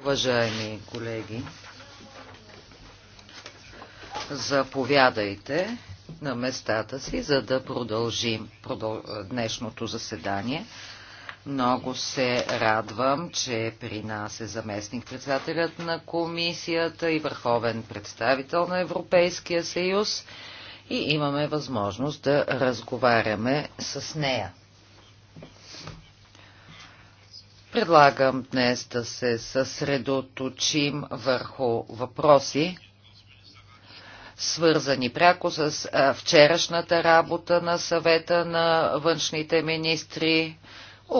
Уважаеми колеги, заповядайте на местата си, за да продължим днешното заседание. Много се радвам, че при нас е заместник-председателят на комисията и върховен представител на Европейския съюз и имаме възможност да разговаряме с нея. Предлагам днес да се съсредоточим върху въпроси, свързани пряко с вчерашната работа на съвета на външните министри,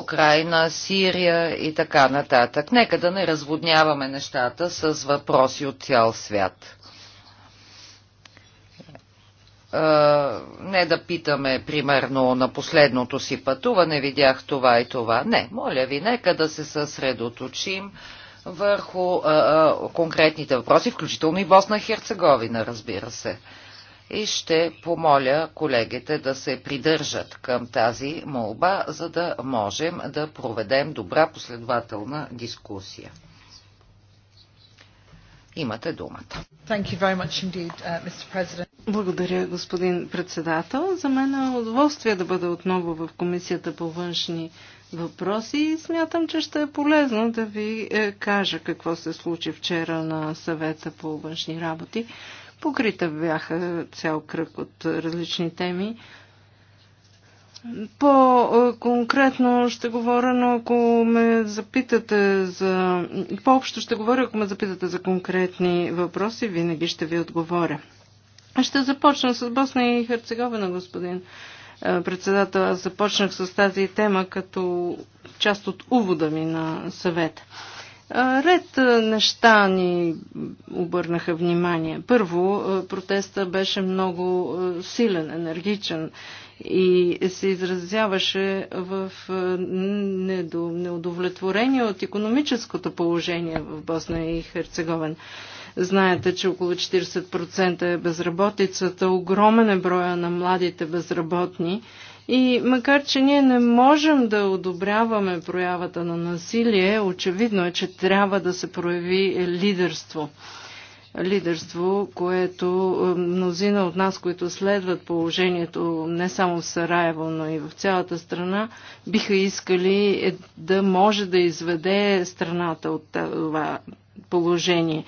Украина, Сирия и така нататък. Нека да не разводняваме нещата с въпроси от цял свят. Е, не да питаме, примерно, на последното си пътуване видях това и това. Не, моля ви, нека да се съсредоточим върху а, е, а, е, конкретните въпроси, включително и Босна и Херцеговина, разбира се. И ще помоля колегите да се придържат към тази молба, за да можем да проведем добра последователна дискусия. Имате думата. Uh, Благодаря, господин председател. За мен е удоволствие да бъда отново в Комисията по външни въпроси и смятам, че ще е полезно да ви е, кажа какво се случи вчера на съвета по външни работи. Покрита бяха цял кръг от различни теми. По-конкретно ще говоря, но ако ме запитате за... По-общо ще говоря, ако ме запитате за конкретни въпроси, винаги ще ви отговоря. Ще започна с Босна и Херцеговина, господин е, председател. Аз започнах с тази тема като част от увода ми на съвета. Е, ред е, неща ни обърнаха внимание. Първо, протеста беше много силен, енергичен и се изразяваше в неудовлетворение от економическото положение в Босна и Херцеговен. Знаете, че около 40% е безработицата, огромен е броя на младите безработни и макар, че ние не можем да одобряваме проявата на насилие, очевидно е, че трябва да се прояви лидерство лидерство, което е, мнозина от нас, които следват положението не само в Сараево, но и в цялата страна, биха искали е, да може да изведе страната от това положение.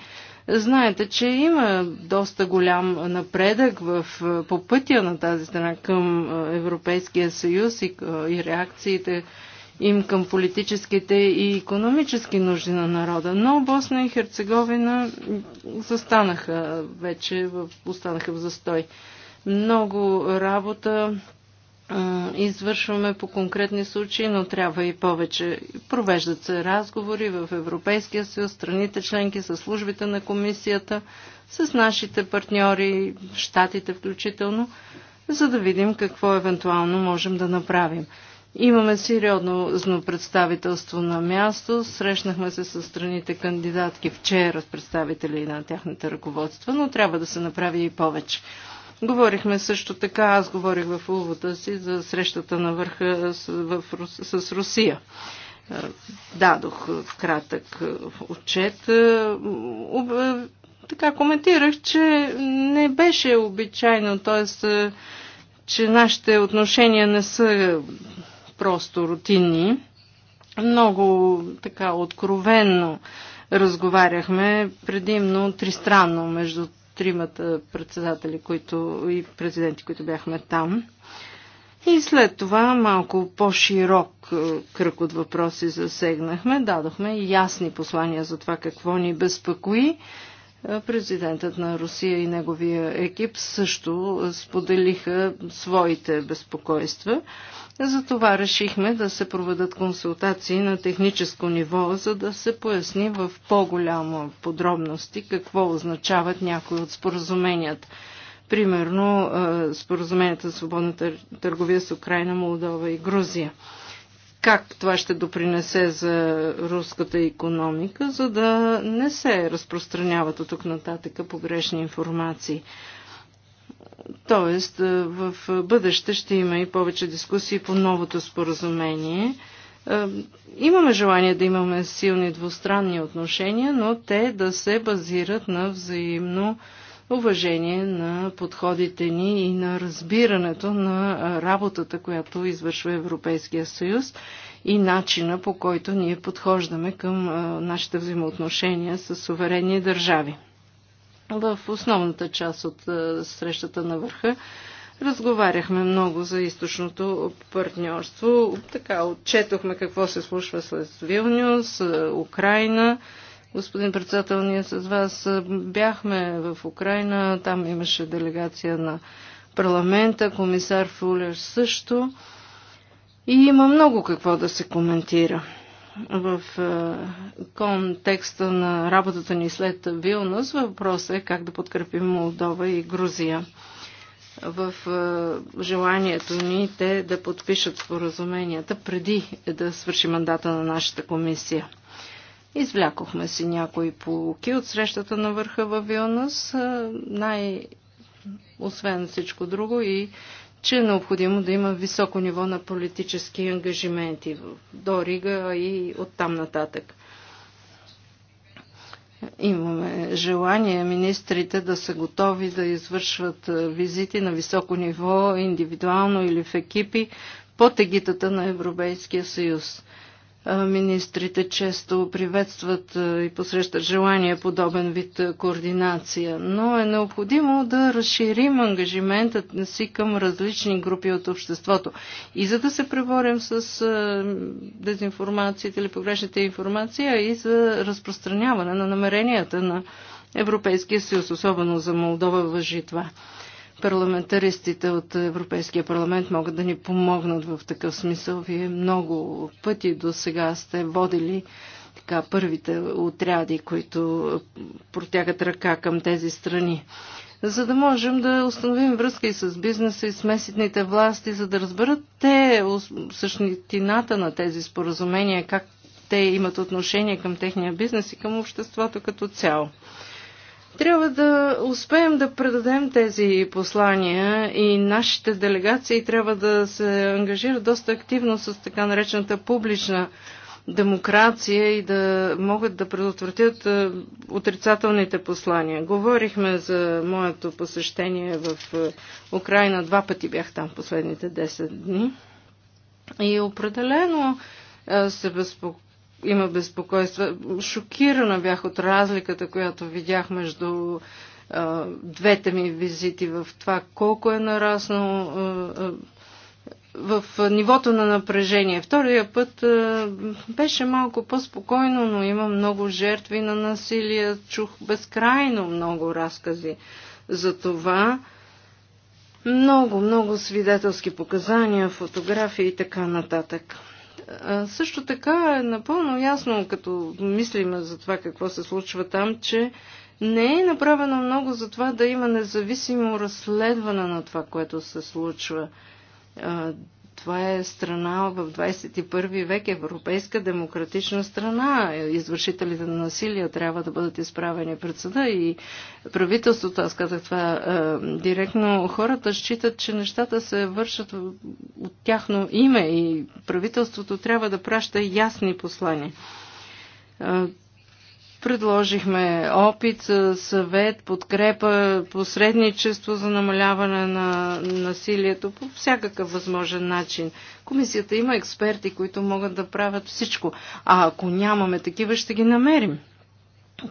Знаете, че има доста голям напредък в, е, по пътя на тази страна към Европейския съюз и, и реакциите им към политическите и економически нужди на народа. Но Босна и Херцеговина застанаха вече, в, останаха в застой. Много работа извършваме по конкретни случаи, но трябва и повече. Провеждат се разговори в Европейския съюз, страните членки, с службите на комисията, с нашите партньори, щатите включително, за да видим какво евентуално можем да направим. Имаме сериозно представителство на място. Срещнахме се с страните кандидатки вчера с представители на тяхната ръководства, но трябва да се направи и повече. Говорихме също така, аз говорих в увода си за срещата на върха с, в, с Русия. Е, дадох в кратък отчет. Е, об, е, така коментирах, че не беше обичайно, т.е. че нашите отношения не са просто рутинни. Много така откровенно разговаряхме, предимно тристранно между тримата председатели които, и президенти, които бяхме там. И след това малко по-широк е, кръг от въпроси засегнахме, дадохме ясни послания за това какво ни безпокои Президентът на Русия и неговия екип също споделиха своите безпокойства. Затова решихме да се проведат консултации на техническо ниво, за да се поясни в по-голяма подробности какво означават някои от споразуменията. Примерно споразуменията за свободна търговия с Украина, Молдова и Грузия как това ще допринесе за руската економика, за да не се разпространяват от тук нататък погрешни информации. Тоест, е, в бъдеще ще има и повече дискусии по новото споразумение. Е, имаме желание да имаме силни двустранни отношения, но те да се базират на взаимно уважение на подходите ни и на разбирането на работата, която извършва Европейския съюз и начина по който ние подхождаме към нашите взаимоотношения с суверенни държави. В основната част от срещата на върха разговаряхме много за източното партньорство. Така, отчетохме какво се случва с Вилнюс, Украина, Господин председател, ние с вас бяхме в Украина, там имаше делегация на парламента, комисар Фулер също. И има много какво да се коментира в контекста на работата ни след Вилнус. Въпросът е как да подкрепим Молдова и Грузия в желанието ни те да подпишат споразуменията преди да свърши мандата на нашата комисия. Извлякохме си някои полуки от срещата на върха в Вилнас, най- освен всичко друго и че е необходимо да има високо ниво на политически ангажименти до Рига и оттам нататък. Имаме желание министрите да са готови да извършват визити на високо ниво, индивидуално или в екипи, под егитата на Европейския съюз. Министрите често приветстват и посрещат желание подобен вид координация, но е необходимо да разширим ангажиментът си към различни групи от обществото. И за да се преборим с дезинформацията или погрешните информации, а и за разпространяване на намеренията на Европейския съюз, особено за Молдова въжи това парламентаристите от Европейския парламент могат да ни помогнат в такъв смисъл. Вие много пъти до сега сте водили така, първите отряди, които протягат ръка към тези страни. За да можем да установим връзка и с бизнеса, и с местните власти, за да разберат те същината на тези споразумения, как те имат отношение към техния бизнес и към обществото като цяло. Трябва да успеем да предадем тези послания и нашите делегации трябва да се ангажират доста активно с така наречената публична демокрация и да могат да предотвратят е, отрицателните послания. Говорихме за моето посещение в е, Украина. Два пъти бях там последните 10 дни. И определено е, се безпокоя има безпокойства. Шокирана бях от разликата, която видях между а, двете ми визити в това колко е нараснало в нивото на напрежение. Втория път а, беше малко по-спокойно, но има много жертви на насилие. Чух безкрайно много разкази за това. Много, много свидетелски показания, фотографии и така нататък. Също така е напълно ясно, като мислим за това какво се случва там, че не е направено много за това да има независимо разследване на това, което се случва. Това е страна в 21 век, европейска демократична страна. Извършителите на насилие трябва да бъдат изправени пред съда и правителството, аз казах това е, директно, хората считат, че нещата се вършат от тяхно име и правителството трябва да праща ясни послания е, Предложихме опит, съвет, подкрепа, посредничество за намаляване на насилието по всякакъв възможен начин. Комисията има експерти, които могат да правят всичко. А ако нямаме такива, ще ги намерим.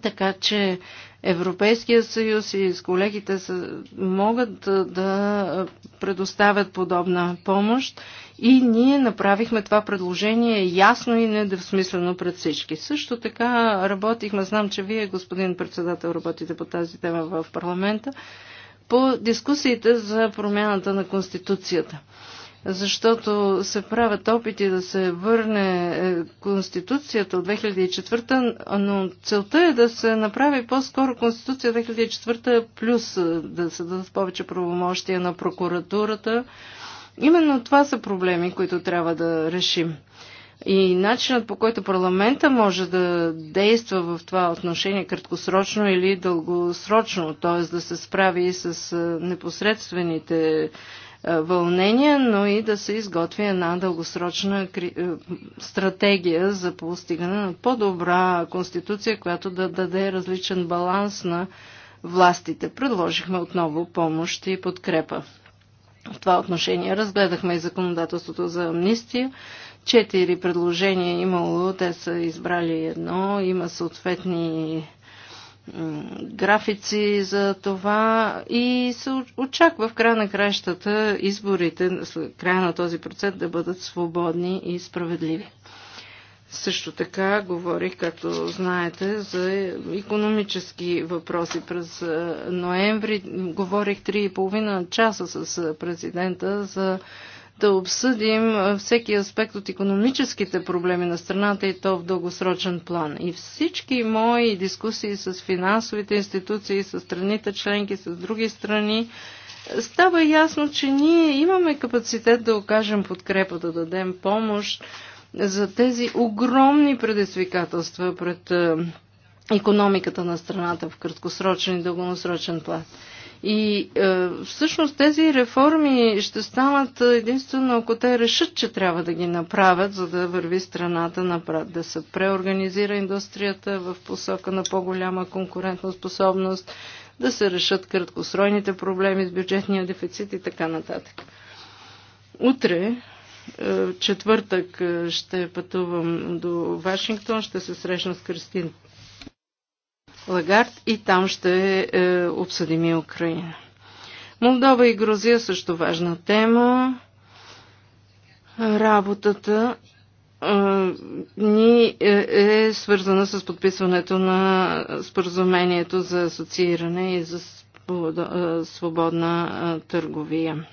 Така че Европейския съюз и с колегите са, могат да предоставят подобна помощ и ние направихме това предложение ясно и недвусмислено пред всички. Също така работихме, знам, че вие, господин председател, работите по тази тема в парламента, по дискусиите за промяната на Конституцията защото се правят опити да се върне е, Конституцията от 2004, но целта е да се направи по-скоро Конституция 2004 плюс е, да се дадат повече правомощия на прокуратурата. Именно това са проблеми, които трябва да решим. И начинът по който парламента може да действа в това отношение краткосрочно или дългосрочно, т.е. да се справи и с е, непосредствените е, вълнения, но и да се изготви една дългосрочна е, стратегия за постигане на по-добра конституция, която да даде различен баланс на властите. Предложихме отново помощ и подкрепа. В това отношение разгледахме и законодателството за амнистия. Четири предложения е имало, те са избрали едно, има съответни графици за това и се очаква в края на краищата изборите, края на този процес да бъдат свободни и справедливи. Също така говорих, както знаете, за економически въпроси през ноември. Говорих 3,5 часа с президента за да обсъдим всеки аспект от економическите проблеми на страната и то в дългосрочен план. И всички мои дискусии с финансовите институции, с страните членки, с други страни, става ясно, че ние имаме капацитет да окажем подкрепа, да дадем помощ за тези огромни предизвикателства пред економиката на страната в краткосрочен и дългосрочен план. И е, всъщност тези реформи ще станат единствено ако те решат, че трябва да ги направят, за да върви страната напред, да се преорганизира индустрията в посока на по-голяма конкурентоспособност, да се решат краткосройните проблеми с бюджетния дефицит и така нататък. Утре, е, четвъртък, е, ще пътувам до Вашингтон, ще се срещна с Кристин Лагард и там ще е, обсъдим и Украина. Молдова и Грузия също важна тема. Работата е, ни е, е свързана с подписването на споразумението за асоцииране и за е, свободна е, търговия.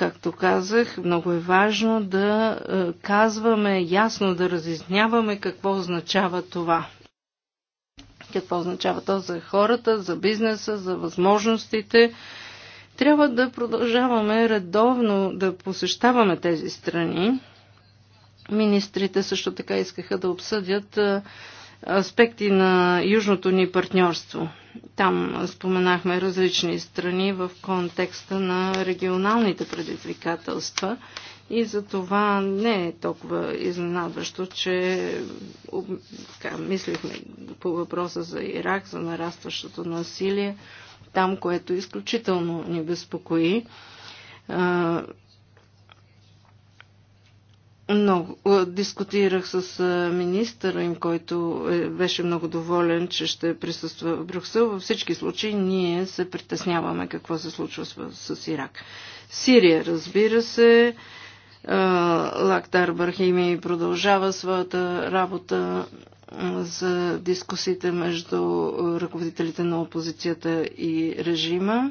Както казах, много е важно да е, казваме ясно, да разясняваме какво означава това. Какво означава то за хората, за бизнеса, за възможностите. Трябва да продължаваме редовно да посещаваме тези страни. Министрите също така искаха да обсъдят е, аспекти на южното ни партньорство. Там споменахме различни страни в контекста на регионалните предизвикателства и за това не е толкова изненадващо, че така, мислихме по въпроса за Ирак, за нарастващото насилие, там, което изключително ни безпокои много, дискутирах с министъра им, който е, беше много доволен, че ще присъства в Брюксел. Във всички случаи ние се притесняваме какво се случва с, с Ирак. Сирия, разбира се, Лактар Бархими продължава своята работа за дискусиите между ръководителите на опозицията и режима.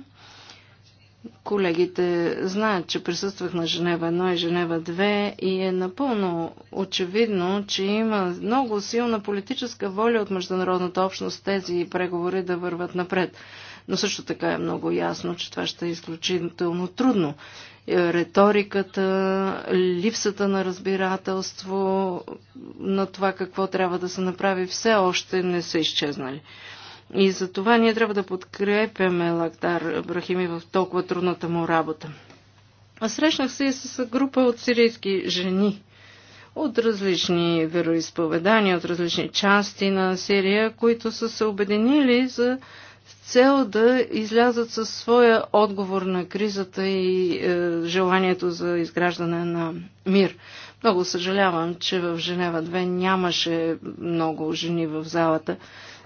Колегите знаят, че присъствах на Женева 1 и Женева 2 и е напълно очевидно, че има много силна политическа воля от международната общност тези преговори да върват напред. Но също така е много ясно, че това ще е изключително трудно. Е, Реториката, липсата на разбирателство на това какво трябва да се направи, все още не са изчезнали. И за това ние трябва да подкрепяме Лактар Брахими в толкова трудната му работа. А срещнах се и с група от сирийски жени от различни вероисповедания, от различни части на Сирия, които са се обединили за цел да излязат със своя отговор на кризата и е, желанието за изграждане на мир. Много съжалявам, че в Женева 2 нямаше много жени в залата,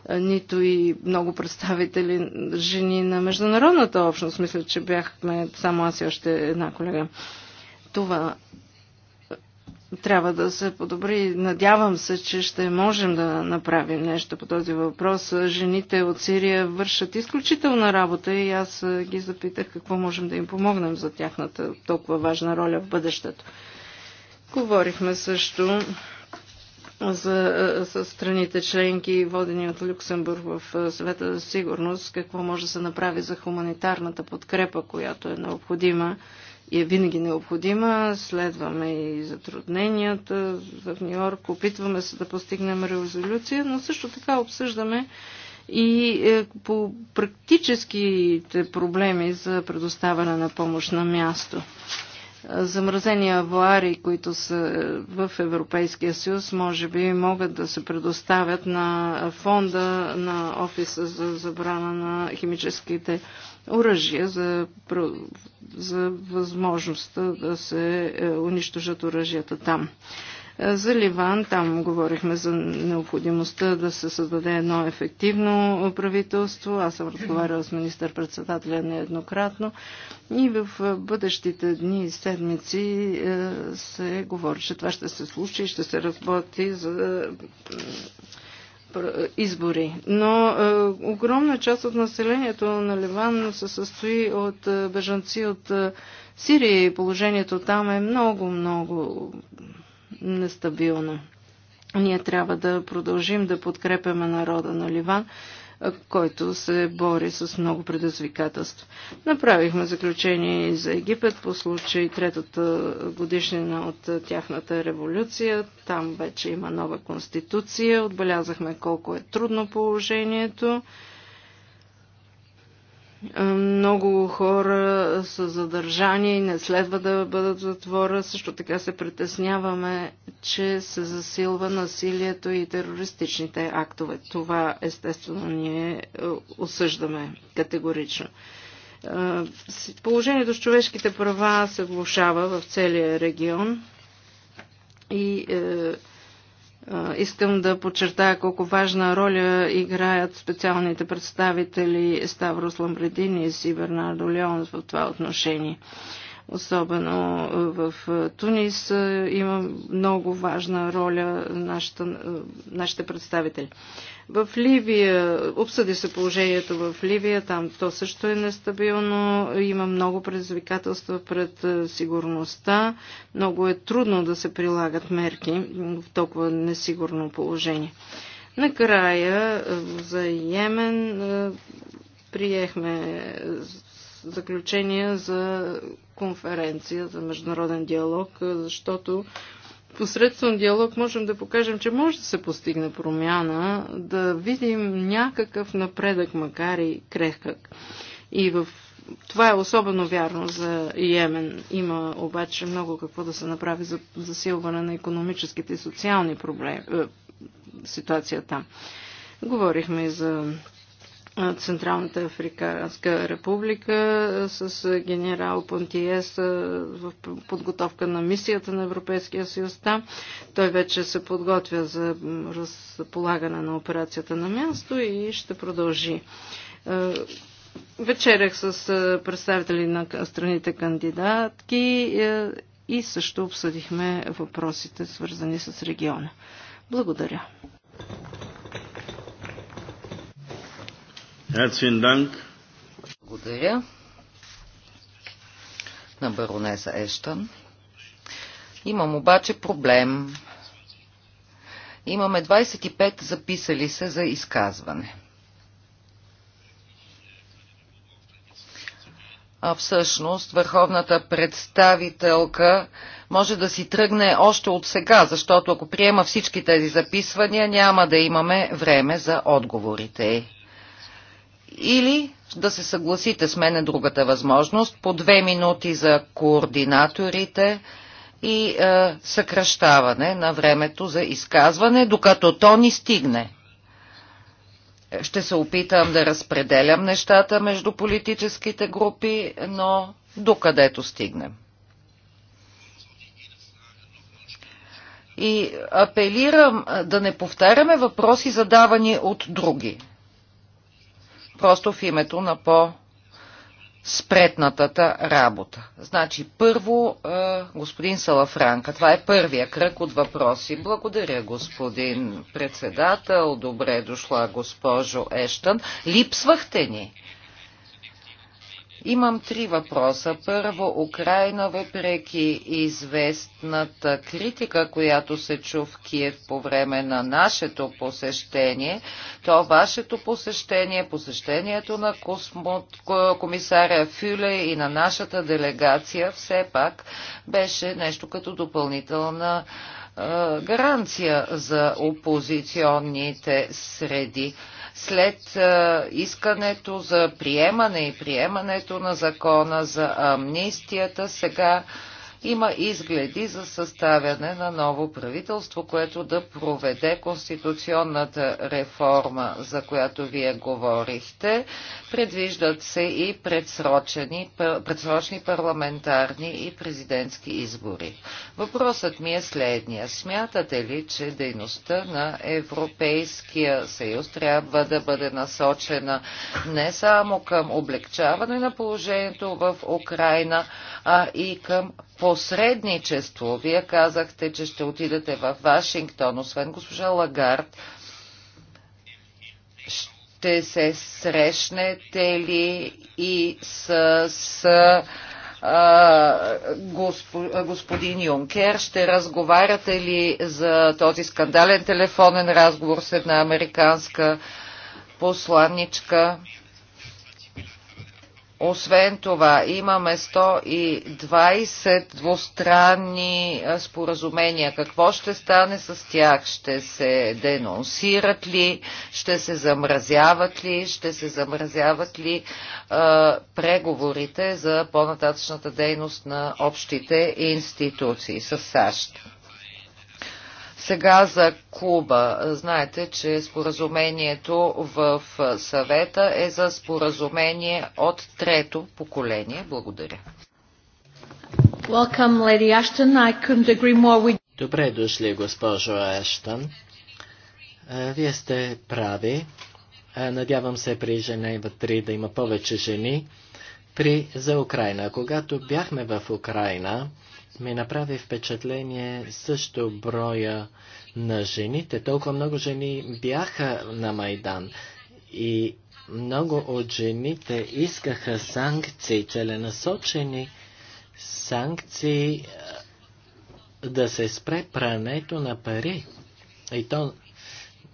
нито и много представители жени на международната общност. Мисля, че бяхме само аз и още една колега. Това трябва да се подобри. Надявам се, че ще можем да направим нещо по този въпрос. Жените от Сирия вършат изключителна работа и аз ги запитах какво можем да им помогнем за тяхната толкова важна роля в бъдещето. Говорихме също за, е, страните членки, водени от Люксембург в е, съвета за сигурност, какво може да се направи за хуманитарната подкрепа, която е необходима и е винаги необходима. Следваме и затрудненията в Нью-Йорк, опитваме се да постигнем резолюция, но също така обсъждаме и е, по практическите проблеми за предоставяне на помощ на място замразени авуари, които са в Европейския съюз, може би могат да се предоставят на фонда на Офиса за забрана на химическите оръжия, за, за възможността да се е, унищожат оръжията там. Е, за Ливан там говорихме за необходимостта да се създаде едно ефективно правителство. Аз съм разговарял с министър-председателя нееднократно и в бъдещите дни и седмици е, се говори, че това ще се случи и ще се работи за е, избори. Но е, огромна част от населението на Ливан се състои от е, бежанци от е, Сирия и положението там е много, много нестабилно. Ние трябва да продължим да подкрепяме народа на Ливан, който се бори с много предизвикателства. Направихме заключение и за Египет по случай третата годишнина от тяхната революция. Там вече има нова конституция. Отбелязахме колко е трудно положението. Е, много хора са задържани и не следва да бъдат в затвора. Също така се притесняваме, че се засилва насилието и терористичните актове. Това естествено ние е, осъждаме категорично. Е, положението с човешките права се влушава в целия регион и е, Искам да подчертая колко важна роля играят специалните представители Ставрос Ламбредини и Бернардо Леон в това отношение. Особено в Тунис има много важна роля нашата, нашите представители. В Ливия, обсъди се положението в Ливия, там то също е нестабилно, има много предизвикателства пред сигурността, много е трудно да се прилагат мерки в толкова несигурно положение. Накрая за Йемен приехме заключения за конференция за международен диалог, защото посредством диалог можем да покажем, че може да се постигне промяна, да видим някакъв напредък, макар и крехък. И в това е особено вярно за Йемен. Има обаче много какво да се направи за засилване на економическите и социални проблеми, е, ситуация там. Говорихме и за Централната Африканска република с генерал Понтиес в подготовка на мисията на Европейския съюз там. Той вече се подготвя за разполагане на операцията на място и ще продължи. Вечерях с представители на страните кандидатки и също обсъдихме въпросите, свързани с региона. Благодаря. Благодаря на баронеса Ештън. Имам обаче проблем. Имаме 25 записали се за изказване. а всъщност върховната представителка може да си тръгне още от сега, защото ако приема всички тези записвания, няма да имаме време за отговорите. Или да се съгласите с мене другата възможност, по две минути за координаторите и е, съкръщаване на времето за изказване, докато то ни стигне. Ще се опитам да разпределям нещата между политическите групи, но докъдето стигнем. И апелирам е, да не повтаряме въпроси, задавани от други просто в името на по-спретнатата работа. Значи първо е, господин Салафранка. Това е първия кръг от въпроси. Благодаря господин председател. Добре дошла госпожо Ештън. Липсвахте ни. Имам три въпроса. Първо, Украина, въпреки известната критика, която се чу в Киев по време на нашето посещение, то вашето посещение, посещението на комисаря Фюле и на нашата делегация все пак беше нещо като допълнителна гаранция за опозиционните среди след искането за приемане и приемането на закона за амнистията, сега има изгледи за съставяне на ново правителство, което да проведе конституционната реформа, за която вие говорихте. Предвиждат се и предсрочени, предсрочни парламентарни и президентски избори. Въпросът ми е следния. Смятате ли, че дейността на Европейския съюз трябва да бъде насочена не само към облегчаване на положението в Украина, а и към по посредничество. Вие казахте, че ще отидете в Вашингтон, освен госпожа Лагард. Ще се срещнете ли и с, с а, госп, господин Юнкер? Ще разговаряте ли за този скандален телефонен разговор с една американска посланничка? Освен това, имаме 120 двустранни споразумения. Какво ще стане с тях? Ще се денонсират ли? Ще се замразяват ли? Ще се замразяват ли а, преговорите за по-нататъчната дейност на общите институции с САЩ? Сега за Куба. Знаете, че споразумението в съвета е за споразумение от трето поколение. Благодаря. Welcome, Lady Ashton. I couldn't agree more with... Добре дошли, госпожо Ештън. Вие сте прави. Надявам се при Женева 3 да има повече жени. При, за Украина. Когато бяхме в Украина, ми направи впечатление също броя на жените. Толкова много жени бяха на Майдан и много от жените искаха санкции, целенасочени санкции да се спре прането на пари. И то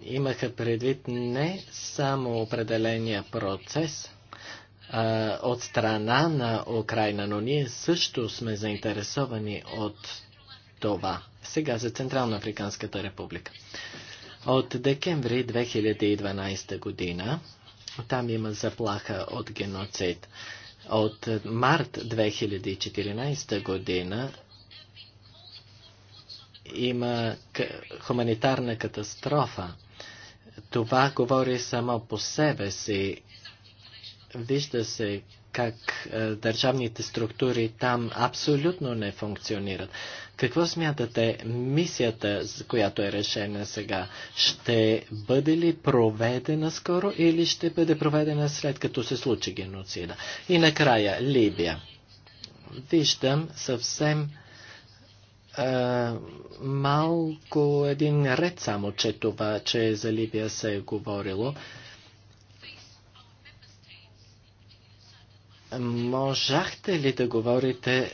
имаха предвид не само определения процес, а, от страна на Украина, но ние също сме заинтересовани от това. Сега за Централно Африканската република. От декември 2012 година там има заплаха от геноцид. От март 2014 година има хуманитарна катастрофа. Това говори само по себе си Вижда се как е, държавните структури там абсолютно не функционират. Какво смятате, мисията, която е решена сега, ще бъде ли проведена скоро или ще бъде проведена след като се случи геноцида? И накрая, Либия. Виждам съвсем е, малко един ред само, че това, че за Либия се е говорило. Можахте ли да говорите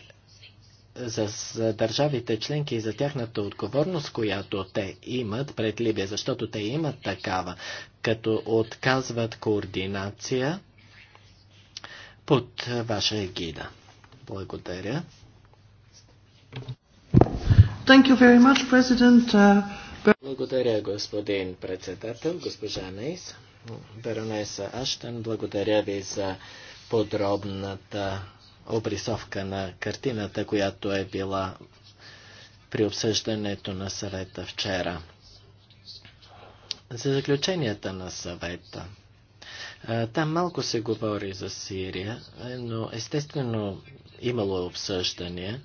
за, за държавите членки и за тяхната отговорност, която те имат пред Либия, защото те имат такава, като отказват координация под ваша егида? Благодаря. Thank you very much, President. Uh, благодаря, господин председател, госпожа Нейс, Беронеса Аштен. Благодаря ви за подробната обрисовка на картината, която е била при обсъждането на съвета вчера. За заключенията на съвета. Там малко се говори за Сирия, но естествено имало обсъждания,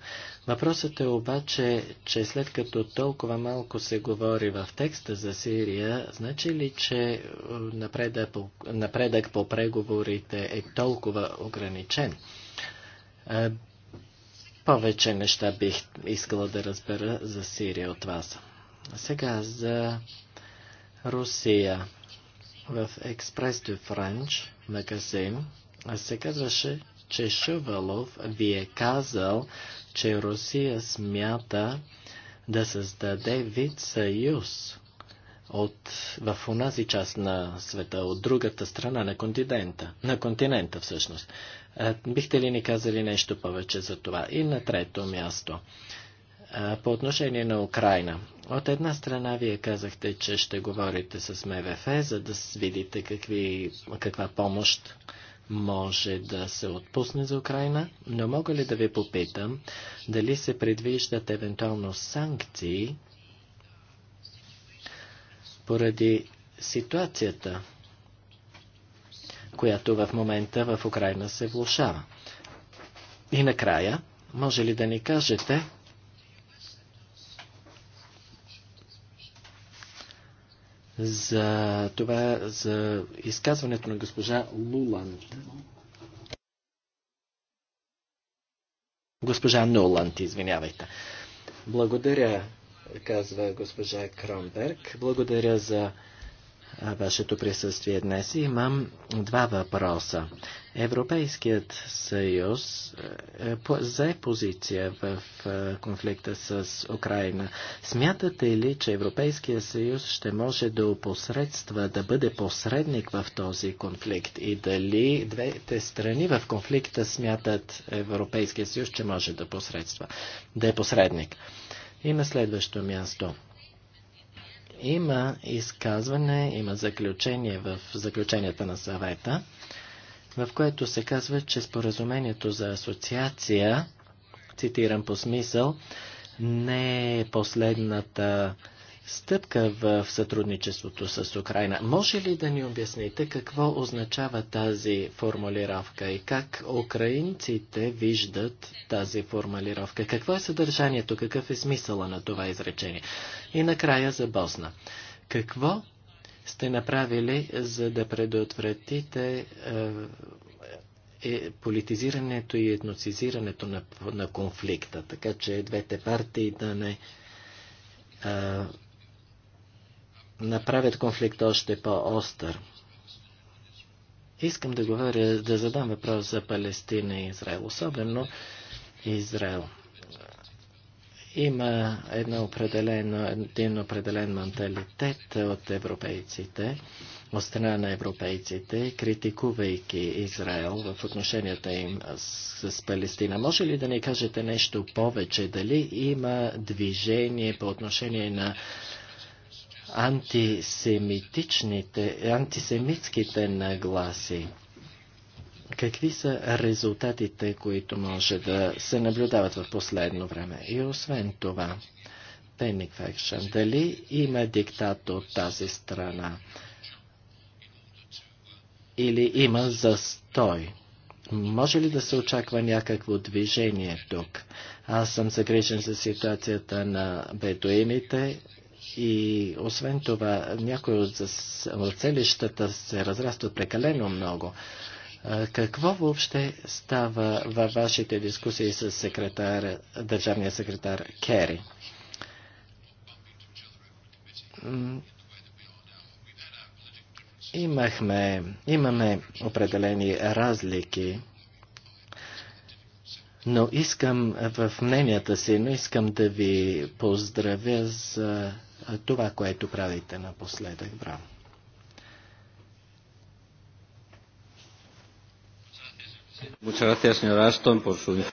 Въпросът е обаче, че след като толкова малко се говори в текста за Сирия, значи ли, че е, напредък по, напредък по преговорите е толкова ограничен? Е, повече неща бих искала да разбера за Сирия от вас. Сега за Русия. В Експрес де Франч магазин се казваше, че Шувалов ви е казал, че Русия смята да създаде вид съюз от, в унази част на света, от другата страна на континента, на континента всъщност. Бихте ли ни казали нещо повече за това? И на трето място. По отношение на Украина. От една страна вие казахте, че ще говорите с МВФ, за да видите какви, каква помощ може да се отпусне за Украина, но мога ли да ви попитам дали се предвиждат евентуално санкции поради ситуацията, която в момента в Украина се влушава? И накрая, може ли да ни кажете за това, за изказването на госпожа Луланд. Госпожа Нуланд, извинявайте. Благодаря, казва госпожа Кромберг. Благодаря за вашето присъствие днес. Имам два въпроса. Европейският съюз е, е зае позиция в е, конфликта с Украина. Смятате ли, че Европейския съюз ще може да опосредства, да бъде посредник в този конфликт? И дали двете страни в конфликта смятат Европейския съюз, че може да посредства, да е посредник? И на следващо място – има изказване, има заключение в заключенията на съвета, в което се казва, че споразумението за асоциация, цитирам по смисъл, не е последната стъпка в сътрудничеството с Украина. Може ли да ни обясните какво означава тази формулировка и как украинците виждат тази формулировка? Какво е съдържанието? Какъв е смисъла на това изречение? И накрая за Босна. Какво сте направили, за да предотвратите е, е политизирането и етноцизирането на, на конфликта, така че двете партии да не а, направят конфликт още по-остър. Искам да говоря, да задам въпрос за Палестина и Израел, особено Израел. Има едно определено, един определен менталитет от европейците, от страна на европейците, критикувайки Израел в отношенията им с, с Палестина. Може ли да ни кажете нещо повече? Дали има движение по отношение на антисемитичните, антисемитските нагласи. Какви са резултатите, които може да се наблюдават в последно време? И освен това, Panic Faction, дали има диктат от тази страна? Или има застой? Може ли да се очаква някакво движение тук? Аз съм загрижен за ситуацията на бедуините и освен това, някои от селищата се разрастват прекалено много. Какво въобще става във вашите дискусии с секретар, държавния секретар Кери? Имахме, имаме определени разлики, но искам в мненията си, но искам да ви поздравя за това, което правите напоследък, браво.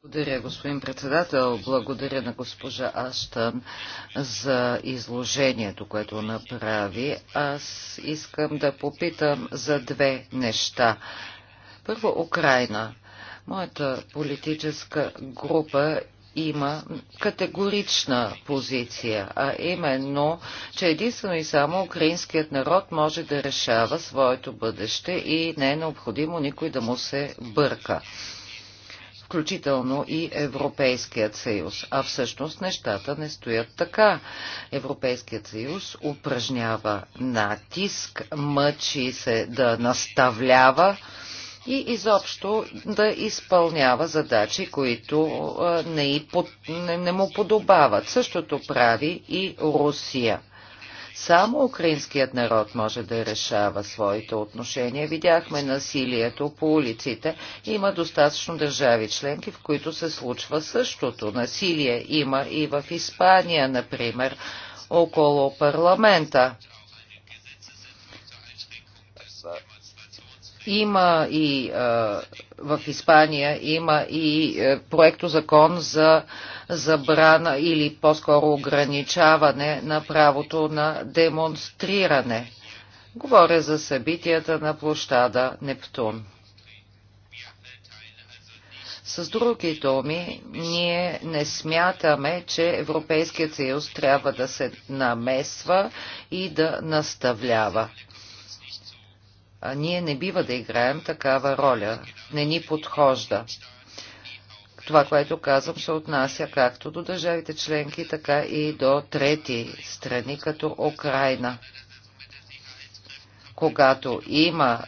Благодаря, господин председател. Благодаря на госпожа Аштън за изложението, което направи. Аз искам да попитам за две неща. Първо, Украина. Моята политическа група има категорична позиция, а именно, че единствено и само украинският народ може да решава своето бъдеще и не е необходимо никой да му се бърка включително и Европейският съюз. А всъщност нещата не стоят така. Европейският съюз упражнява натиск, мъчи се да наставлява и изобщо да изпълнява задачи, които не, и под, не, не му подобават. Същото прави и Русия. Само украинският народ може да решава своите отношения. Видяхме насилието по улиците. Има достатъчно държави членки, в които се случва същото. Насилие има и в Испания, например, около парламента. Има и в Испания има и е, проекто закон за забрана или по-скоро ограничаване на правото на демонстриране. Говоря за събитията на площада Нептун. С други думи, ние не смятаме, че Европейският съюз трябва да се намесва и да наставлява а ние не бива да играем такава роля. Не ни подхожда. Това, което казвам, се отнася както до държавите членки, така и до трети страни, като Украина. Когато има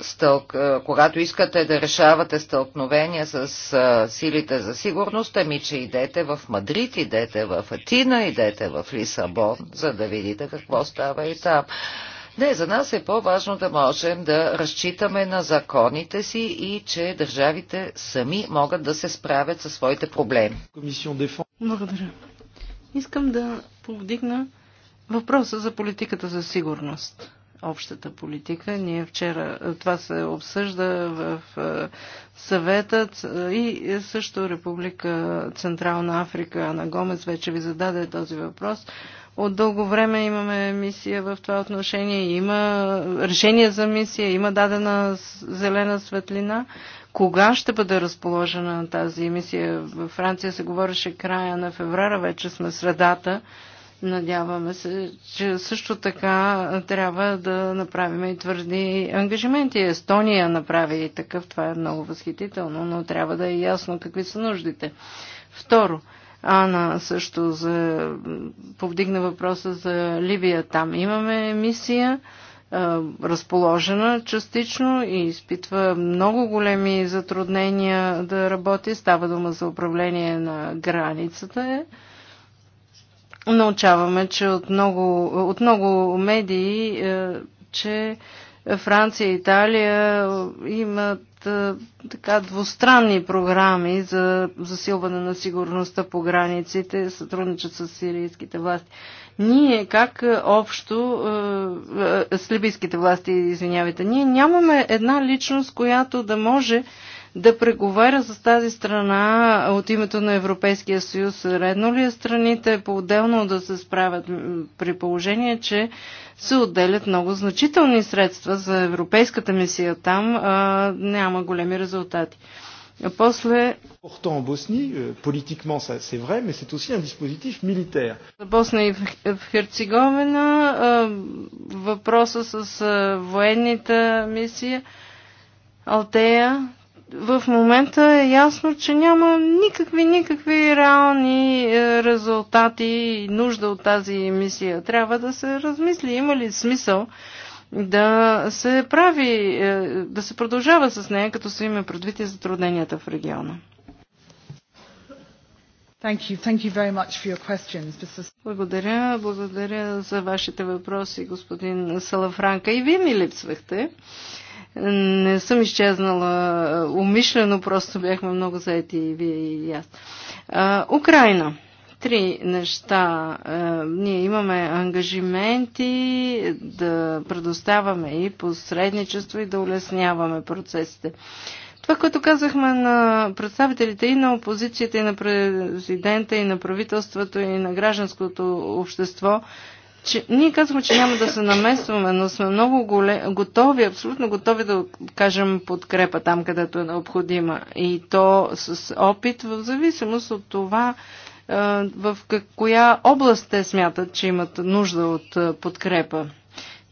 стълк, когато искате да решавате стълкновения с силите за сигурност, ами че идете в Мадрид, идете в Атина, идете в Лисабон, за да видите какво става и там. Не, за нас е по-важно да можем да разчитаме на законите си и че държавите сами могат да се справят със своите проблеми. Благодаря. Искам да повдигна въпроса за политиката за сигурност общата политика. Ние вчера е, това се обсъжда в е, е, съветът и също Република Централна Африка. Ана Гомес вече ви зададе този въпрос. От дълго време имаме мисия в това отношение, има решение за мисия, има дадена зелена светлина. Кога ще бъде разположена тази мисия? В Франция се говореше края на феврара, вече сме средата. Надяваме се, че също така трябва да направим и твърди ангажименти. Естония направи и такъв, това е много възхитително, но трябва да е ясно какви са нуждите. Второ, Ана също за, повдигна въпроса за Ливия. Там имаме мисия, разположена частично и изпитва много големи затруднения да работи. Става дума за управление на границата. Научаваме, че от много, от много медии, че Франция и Италия имат така двустранни програми за засилване на сигурността по границите, сътрудничат с сирийските власти. Ние как общо, с либийските власти, извинявайте, ние нямаме една личност, която да може да преговаря с тази страна от името на Европейския съюз. Редно ли е страните по-отделно да се справят при положение, че се отделят много значителни средства за европейската мисия там, а, няма големи резултати. После... Pourtant en Bosnie, euh, politiquement c'est vrai, mais c'est aussi un dispositif militaire. За Босна и в Херцеговина въпроса с военната мисия Алтея, в момента е ясно, че няма никакви, никакви реални е, резултати и нужда от тази мисия. Трябва да се размисли има ли смисъл да се прави, е, да се продължава с нея, като се има предвид и затрудненията в региона. Thank you. Thank you very much for your questions. Is... Благодаря, благодаря за вашите въпроси, господин Салафранка. И вие ми липсвахте. Uh, не съм изчезнала умишлено, просто бяхме много заети и вие и аз. А, Украина. Три неща. А, ние имаме ангажименти да предоставяме и посредничество и да улесняваме процесите. Това, което казахме на представителите и на опозицията, и на президента, и на правителството, и на гражданското общество, че ние казваме, че няма да се намесваме, но сме много голем, готови, абсолютно готови да кажем подкрепа там, където е необходима. И то с опит, в зависимост от това, е, в коя област те смятат, че имат нужда от е, подкрепа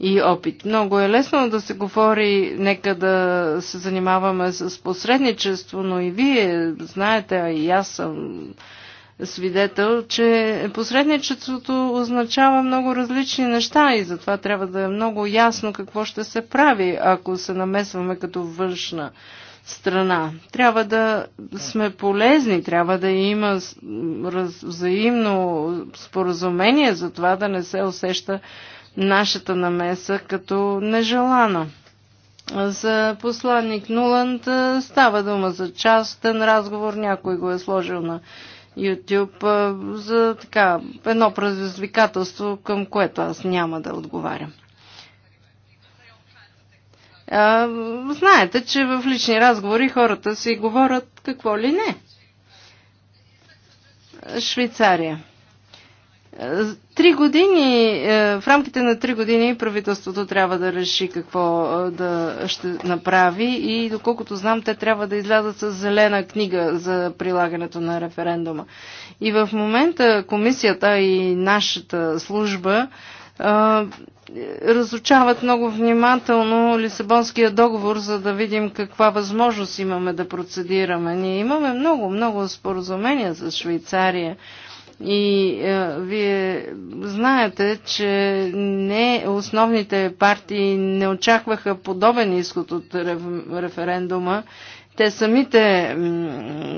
и опит. Много е лесно да се говори, нека да се занимаваме с посредничество, но и вие знаете, а и аз съм свидетел, че посредничеството означава много различни неща и затова трябва да е много ясно какво ще се прави, ако се намесваме като външна страна. Трябва да сме полезни, трябва да има взаимно споразумение за това да не се усеща нашата намеса като нежелана. За посланник Нуланд става дума за частен разговор, някой го е сложил на YouTube за така едно предизвикателство, към което аз няма да отговарям. А, знаете, че в лични разговори хората си говорят какво ли не. Швейцария. Три години, е, в рамките на три години правителството трябва да реши какво е, да ще направи и доколкото знам, те трябва да излязат с зелена книга за прилагането на референдума. И в момента комисията и нашата служба е, разучават много внимателно Лисабонския договор, за да видим каква възможност имаме да процедираме. Ние имаме много, много споразумения с Швейцария. И е, вие знаете, че не основните партии не очакваха подобен изход от референдума. Те самите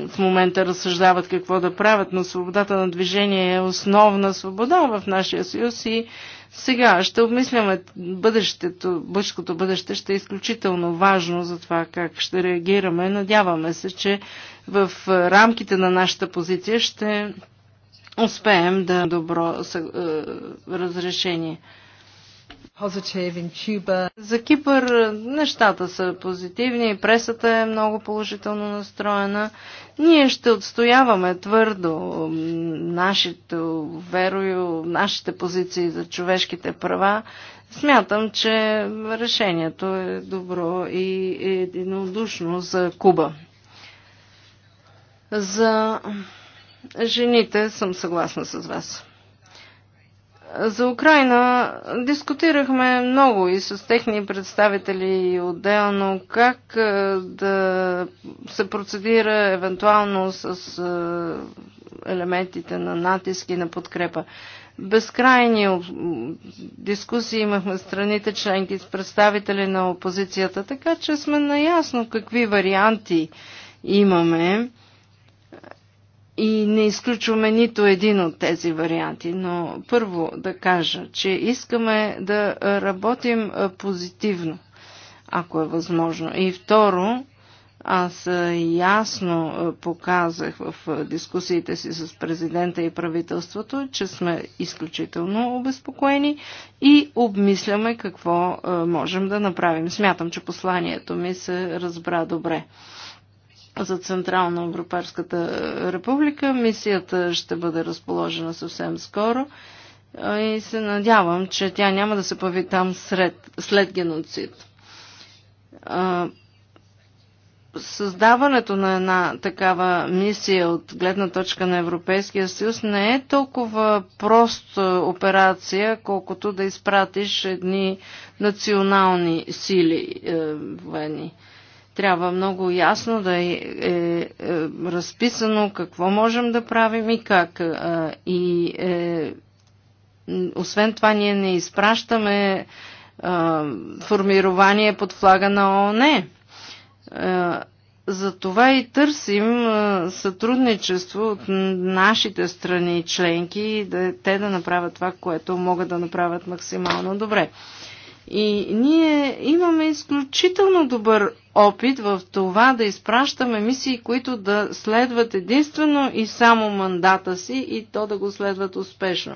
в момента разсъждават какво да правят, но свободата на движение е основна свобода в нашия съюз и сега ще обмисляме бъдещето, бъдещето бъдеще ще е изключително важно за това как ще реагираме. Надяваме се, че в е, рамките на нашата позиция ще успеем да добро е, разрешение. За Кипър е, нещата са позитивни и пресата е много положително настроена. Ние ще отстояваме твърдо нашите верою, нашите позиции за човешките права. Смятам, че решението е добро и единодушно за Куба. За жените съм съгласна с вас. За Украина дискутирахме много и с техни представители отделно как е, да се процедира евентуално с е, елементите на натиск и на подкрепа. Безкрайни дискусии имахме страните членки с представители на опозицията, така че сме наясно какви варианти имаме и не изключваме нито един от тези варианти, но първо да кажа, че искаме да работим позитивно, ако е възможно. И второ, аз ясно показах в дискусиите си с президента и правителството, че сме изключително обезпокоени и обмисляме какво можем да направим. Смятам, че посланието ми се разбра добре за Централна Европейската република. Мисията ще бъде разположена съвсем скоро и се надявам, че тя няма да се появи там сред, след геноцид. Създаването на една такава мисия от гледна точка на Европейския съюз не е толкова проста операция, колкото да изпратиш едни национални сили е, военни. Трябва много ясно да е, е, е разписано какво можем да правим и как. Е, и е, освен това, ние не изпращаме е, формирование под флага на ООН. Е, затова и търсим сътрудничество от нашите страни членки и да, те да направят това, което могат да направят максимално добре. И ние имаме изключително добър опит в това да изпращаме мисии, които да следват единствено и само мандата си и то да го следват успешно.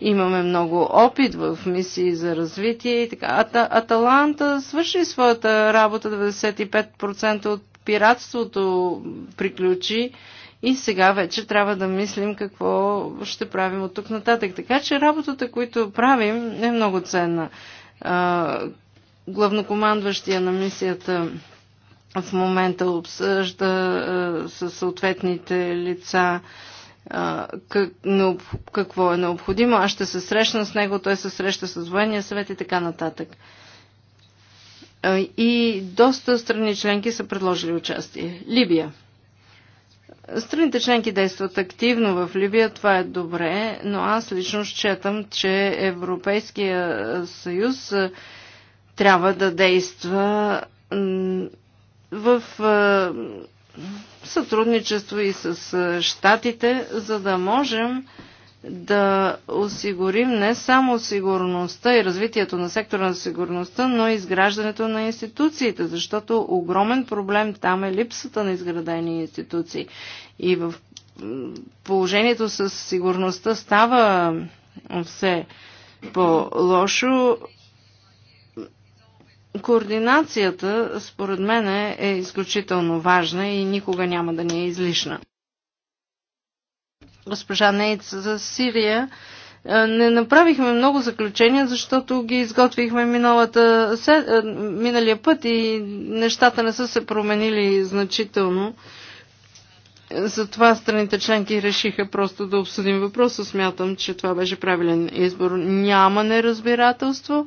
Имаме много опит в мисии за развитие и така. Ата, Аталанта свърши своята работа, 95% от пиратството приключи. И сега вече трябва да мислим какво ще правим от тук нататък. Така че работата, която правим, е много ценна главнокомандващия на мисията в момента обсъжда със съответните лица какво е необходимо. Аз ще се срещна с него, той се среща с военния съвет и така нататък. И доста страни членки са предложили участие. Либия – Страните членки действат активно в Либия, това е добре, но аз лично считам, че Европейския съюз трябва да действа в сътрудничество и с щатите, за да можем да осигурим не само сигурността и развитието на сектора на сигурността, но и изграждането на институциите, защото огромен проблем там е липсата на изградени институции. И в положението с сигурността става все по-лошо. Координацията, според мен, е изключително важна и никога няма да ни е излишна госпожа Нейц за Сирия, не направихме много заключения, защото ги изготвихме миналата, миналия път и нещата не са се променили значително. Затова страните членки решиха просто да обсъдим въпроса. Смятам, че това беше правилен избор. Няма неразбирателство.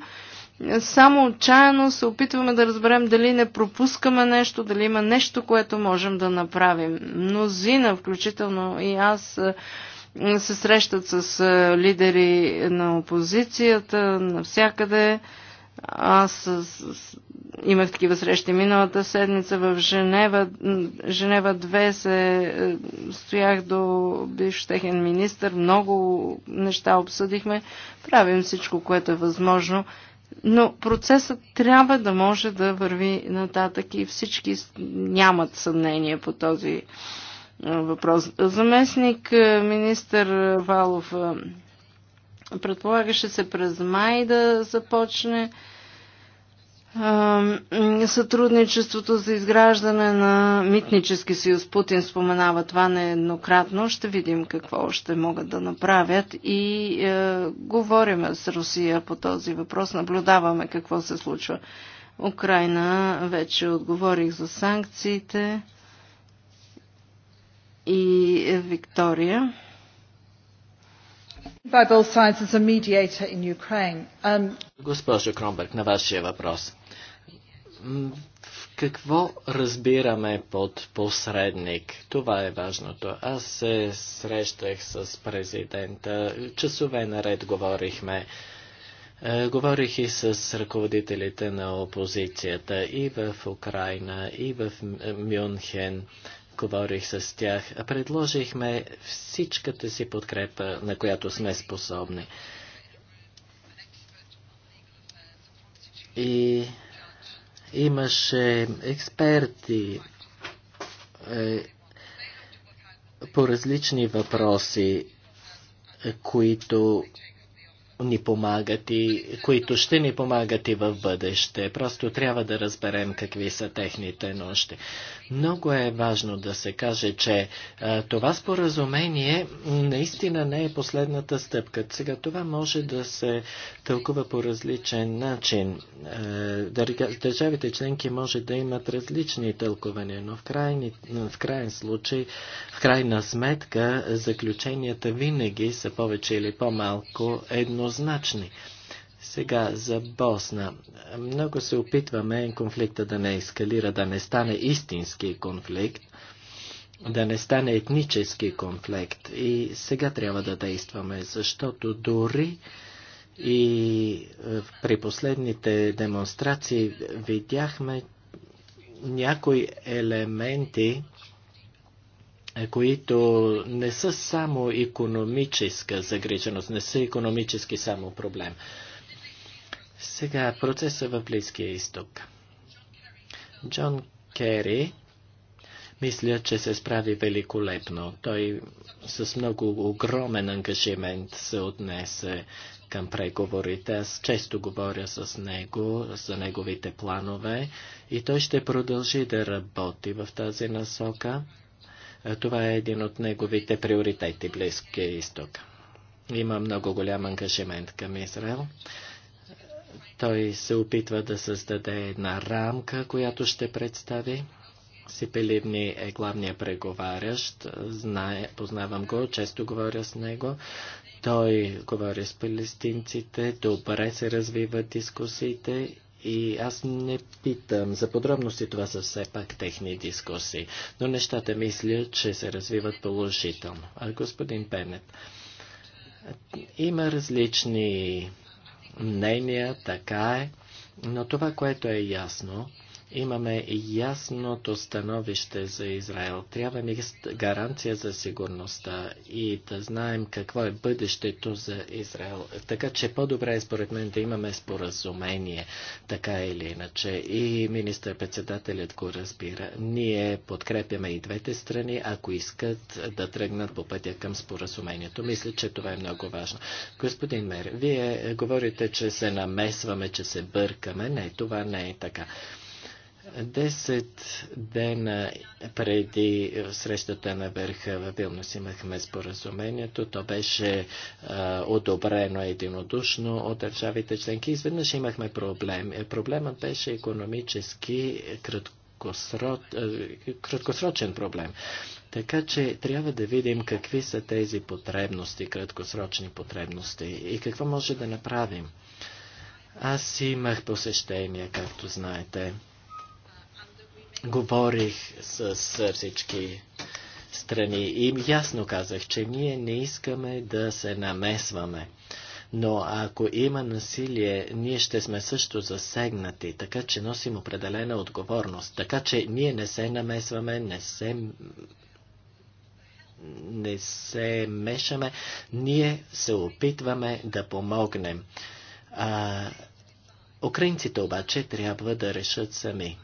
Само отчаяно се опитваме да разберем дали не пропускаме нещо, дали има нещо, което можем да направим. Мнозина, включително и аз, е, се срещат с е, лидери на опозицията навсякъде. Аз с, с, имах такива срещи миналата седмица в Женева. Женева 2 се е, стоях до бивш техен министр. Много неща обсъдихме. Правим всичко, което е възможно. Но процесът трябва да може да върви нататък и всички нямат съмнение по този въпрос. Заместник министър Валов предполагаше се през май да започне сътрудничеството за изграждане на митнически съюз. Путин споменава това нееднократно. Ще видим какво още могат да направят. И е, говорим с Русия по този въпрос. Наблюдаваме какво се случва. Украина вече отговорих за санкциите и е, Виктория. Um, Госпожо Кромберг, на вашия въпрос. Какво разбираме под посредник? Това е важното. Аз се срещах с президента. Часове наред говорихме. Е, говорих и с ръководителите на опозицията и в Украина, и в е, Мюнхен. Говорих с тях. Предложихме всичката си подкрепа, на която сме способни. И Имаше експерти е, по различни въпроси, е, които ни помагат и които ще ни помагат и в бъдеще. Просто трябва да разберем какви са техните нужди. Много е важно да се каже, че а, е, това споразумение наистина не е последната стъпка. Сега това може да се тълкува по различен начин. Е, а, държавите членки може да имат различни тълкувания, но в, крайни, в крайен случай, в крайна сметка, заключенията винаги са повече или по-малко еднозначни. Сега за Босна. Много се опитваме конфликта да не ескалира, да не стане истински конфликт, да не стане етнически конфликт. И сега трябва да действаме, защото дори и е, при последните демонстрации видяхме някои елементи, е, които не са само економическа загриженост, не са економически само проблем. Сега е процеса в Близкия изток. Джон Кери мисля, че се справи великолепно. Той с много огромен ангажимент се отнесе към преговорите. Аз често говоря с него за неговите планове и той ще продължи да работи в тази насока. Това е един от неговите приоритети Близкия изток. Има много голям ангажимент към Израел. Той се опитва да създаде една рамка, която ще представи. Сипеливни е главния преговарящ. Знае, познавам го, често говоря с него. Той говори с палестинците, добре се развиват дискусиите и аз не питам за подробности, това са все пак техни дискусии, но нещата мисля, че се развиват положително. А господин Пенет, има различни мнения, така е. Но това, което е ясно, имаме ясното становище за Израел. Трябва ни гаранция за сигурността и да знаем какво е бъдещето за Израел. Така че по-добре е според мен да имаме споразумение, така или иначе. И министър-председателят го разбира. Ние подкрепяме и двете страни, ако искат да тръгнат по пътя към споразумението. Мисля, че това е много важно. Господин Мер, вие говорите, че се намесваме, че се бъркаме. Не, това не е така. Десет дена преди срещата на върха в Вилнус имахме споразумението. То беше а, одобрено единодушно от държавите членки. Изведнъж имахме проблем. Е, проблемът беше економически краткосрочен проблем. Така че трябва да видим какви са тези потребности, краткосрочни потребности и какво може да направим. Аз имах посещения, както знаете. Говорих с, всички страни и им ясно казах, че ние не искаме да се намесваме. Но ако има насилие, ние ще сме също засегнати, така че носим определена отговорност. Така че ние не се намесваме, не се не се мешаме, ние се опитваме да помогнем. А, украинците обаче трябва да решат сами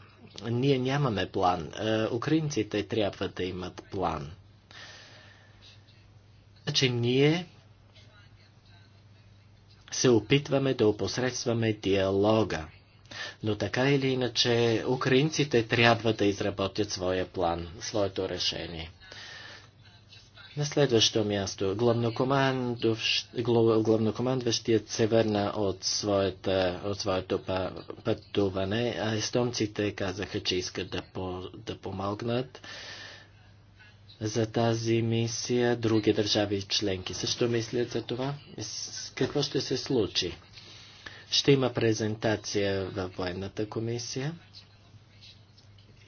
ние нямаме план. Е, украинците трябва да имат план. Значи ние се опитваме да опосредстваме диалога. Но така или иначе, украинците трябва да изработят своя план, своето решение. На следващо място, главнокомандващият се върна от, своята, от своето пътуване, а естонците казаха, че искат да, по, да помогнат за тази мисия. Други държави членки също мислят за това. Какво ще се случи? Ще има презентация във военната комисия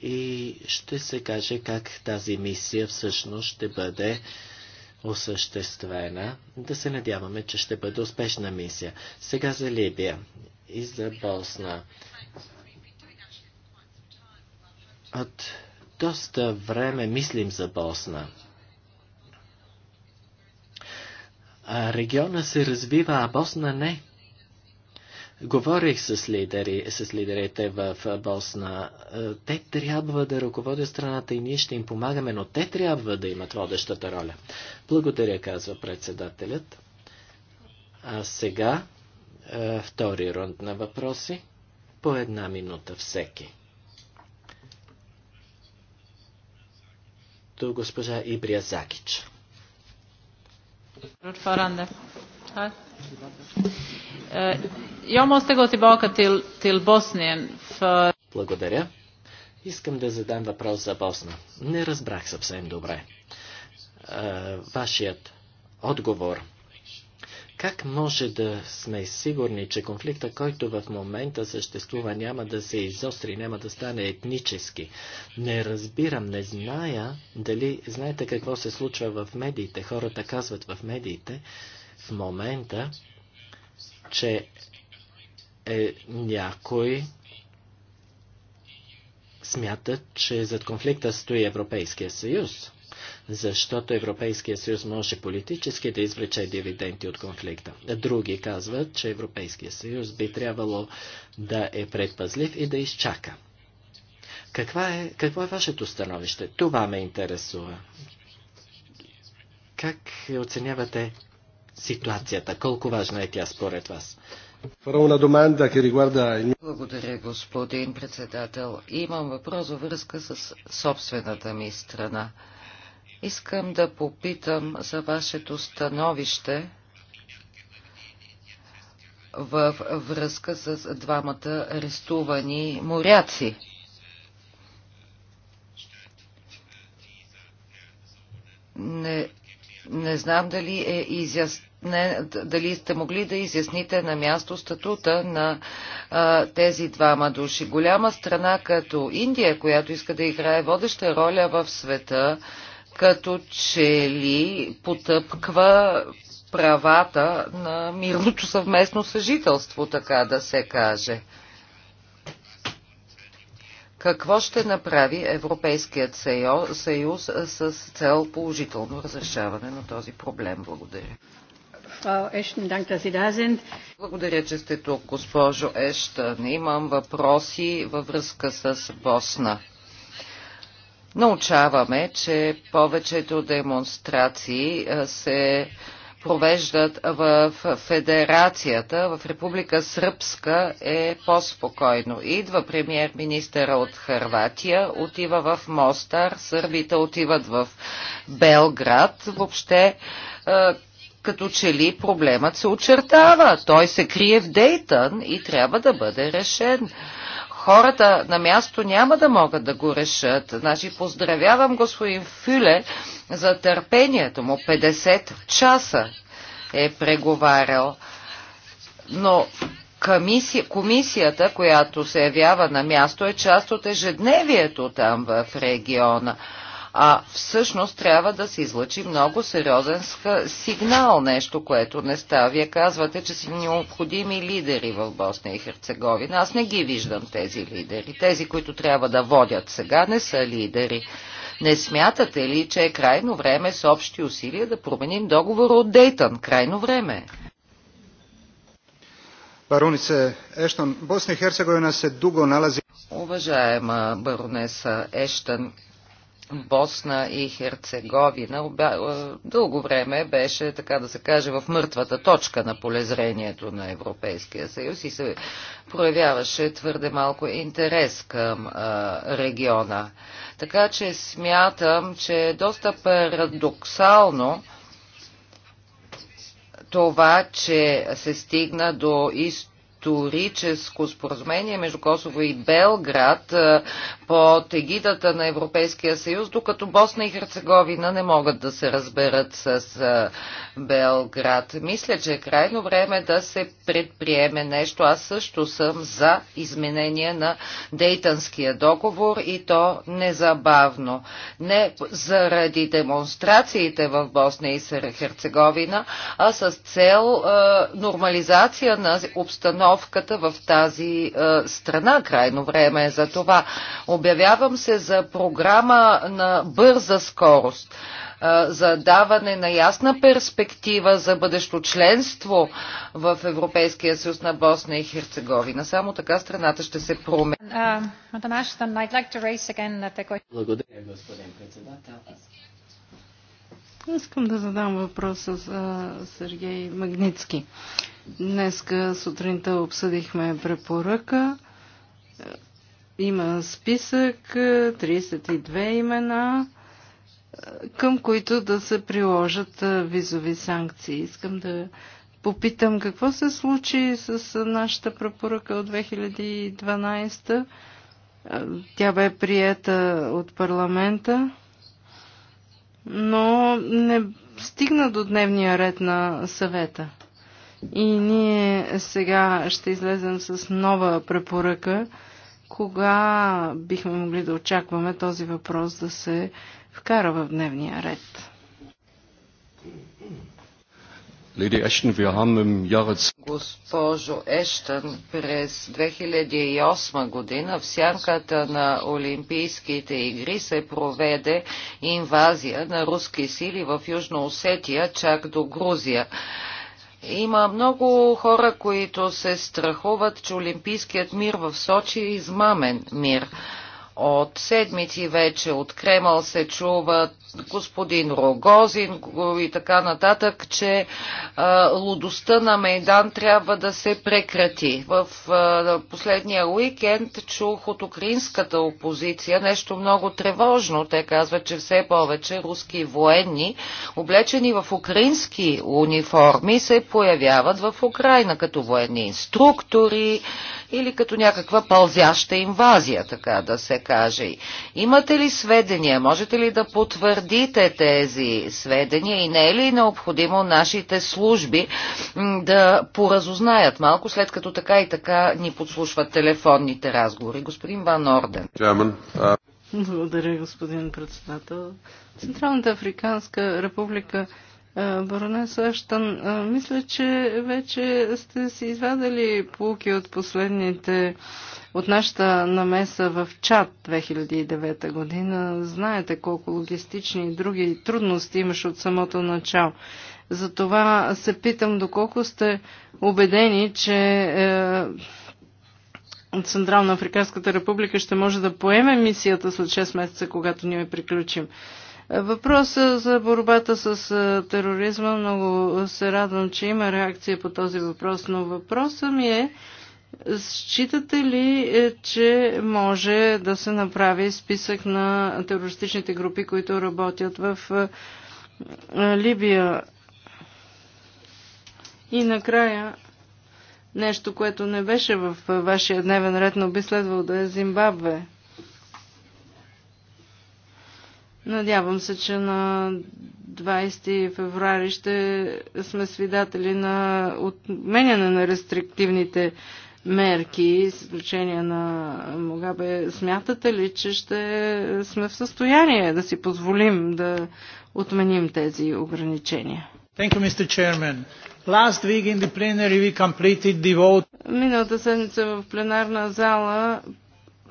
и ще се каже как тази мисия всъщност ще бъде осъществена. Да се надяваме, че ще бъде успешна мисия. Сега за Либия и за Босна. От доста време мислим за Босна. А региона се развива, а Босна не. Говорих с, лидери, с лидерите в Босна. Е, те трябва да ръководят страната и ние ще им помагаме, но те трябва да имат водещата роля. Благодаря, казва председателят. А сега е, втори рунд на въпроси. По една минута всеки. Ту госпожа Ибрия Закич. Eh, jag måste gå tillbaka till, till Bosnien för... Благодаря. Искам да задам въпрос за Босна. Не разбрах съвсем добре. Е, вашият отговор. Как може да сме сигурни, че конфликта, който в момента съществува, няма да се изостри, няма да стане етнически? Не разбирам, не зная дали знаете какво се случва в медиите. Хората казват в медиите в момента, че е, някой смятат, че зад конфликта стои Европейския съюз, защото Европейския съюз може политически да извлече дивиденти от конфликта. Други казват, че Европейския съюз би трябвало да е предпазлив и да изчака. Каква е, какво е вашето становище? Това ме интересува. Как оценявате ситуацията? Колко важна е тя според вас? Благодаря, господин председател. Имам въпрос във връзка с собствената ми страна. Искам да попитам за вашето становище във връзка с двамата арестувани моряци. Не не знам дали, е изяс... не, дали сте могли да изясните на място статута на а, тези двама души. Голяма страна като Индия, която иска да играе водеща роля в света, като че ли потъпква правата на мирното съвместно съжителство, така да се каже. Какво ще направи Европейският съюз, с цел положително разрешаване на този проблем? Благодаря. Благодаря, че сте тук, госпожо Ештън. Имам въпроси във връзка с Босна. Научаваме, че повечето демонстрации се провеждат в Федерацията, в Република Сръбска е по-спокойно. Идва премьер-министъра от Харватия, отива в Мостар, сърбите отиват в Белград. Въобще е, като че ли проблемът се очертава. Той се крие в Дейтън и трябва да бъде решен хората на място няма да могат да го решат. Значи поздравявам господин Фюле за търпението му. 50 часа е преговарял. Но комисията, която се явява на място, е част от ежедневието там в региона а всъщност трябва да се излъчи много сериозен сигнал, нещо, което не става. Вие казвате, че са необходими лидери в Босния и Херцеговина. Аз не ги виждам тези лидери. Тези, които трябва да водят сега, не са лидери. Не смятате ли, че е крайно време с общи усилия да променим договора от Дейтън? Крайно време е. Баронице Ештон, Босния и Херцеговина се дуго налази... Уважаема баронеса Ештън, Босна и Херцеговина дълго време беше, така да се каже, в мъртвата точка на полезрението на Европейския съюз и се проявяваше твърде малко интерес към а, региона. Така че смятам, че е доста парадоксално това, че се стигна до източната историческо споразумение между Косово и Белград под егидата на Европейския съюз, докато Босна и Херцеговина не могат да се разберат с Белград. Мисля, че е крайно време да се предприеме нещо. Аз също съм за изменение на Дейтанския договор и то незабавно. Не заради демонстрациите в Босна и Херцеговина, а с цел нормализация на обстановката обстановката в тази е, страна. Крайно време е за това. Обявявам се за програма на бърза скорост е, за даване на ясна перспектива за бъдещо членство в Европейския съюз на Босна и Херцеговина. Само така страната ще се промени. Е, uh, Благодаря, господин председател. Искам да задам въпроса за Сергей Магницки. Днеска сутринта обсъдихме препоръка. Има списък, 32 имена, към които да се приложат визови санкции. Искам да попитам какво се случи с нашата препоръка от 2012. Тя бе приета от парламента но не стигна до дневния ред на съвета. И ние сега ще излезем с нова препоръка, кога бихме могли да очакваме този въпрос да се вкара в дневния ред. Леди Ештън, wir haben im Jahre... Госпожо Ештън, през 2008 година в сянката на Олимпийските игри се проведе инвазия на руски сили в Южна Осетия, чак до Грузия. Има много хора, които се страхуват, че Олимпийският мир в Сочи е измамен мир. От седмици вече от Кремъл се чува господин Рогозин и така нататък, че а, лудостта на Мейдан трябва да се прекрати. В а, последния уикенд чух от украинската опозиция нещо много тревожно. Те казват, че все повече руски военни, облечени в украински униформи, се появяват в Украина като военни инструктори или като някаква пълзяща инвазия, така да се каже. Имате ли сведения? Можете ли да потвърдите тези сведения и не е ли необходимо нашите служби да поразузнаят малко, след като така и така ни подслушват телефонните разговори? Господин Ван Орден. Благодаря, господин председател. Централната Африканска република Баронес Аштан, мисля, че вече сте си извадали полуки от последните, от нашата намеса в чат 2009 година. Знаете колко логистични и други трудности имаш от самото начало. Затова се питам доколко сте убедени, че е, Централна Африканската република ще може да поеме мисията след 6 месеца, когато ние приключим. Въпроса за борбата с тероризма, много се радвам, че има реакция по този въпрос, но въпросът ми е, считате ли, е, че може да се направи списък на терористичните групи, които работят в Либия? И накрая, нещо, което не беше в вашия дневен ред, но би следвало да е Зимбабве. Надявам се, че на 20 феврари ще сме свидатели на отменяне на рестриктивните мерки, с изключение на Могабе. Смятате ли, че ще сме в състояние да си позволим да отменим тези ограничения? Thank you, Mr. Chairman. Last week in the plenary we completed the vote. Миналата седмица в пленарна зала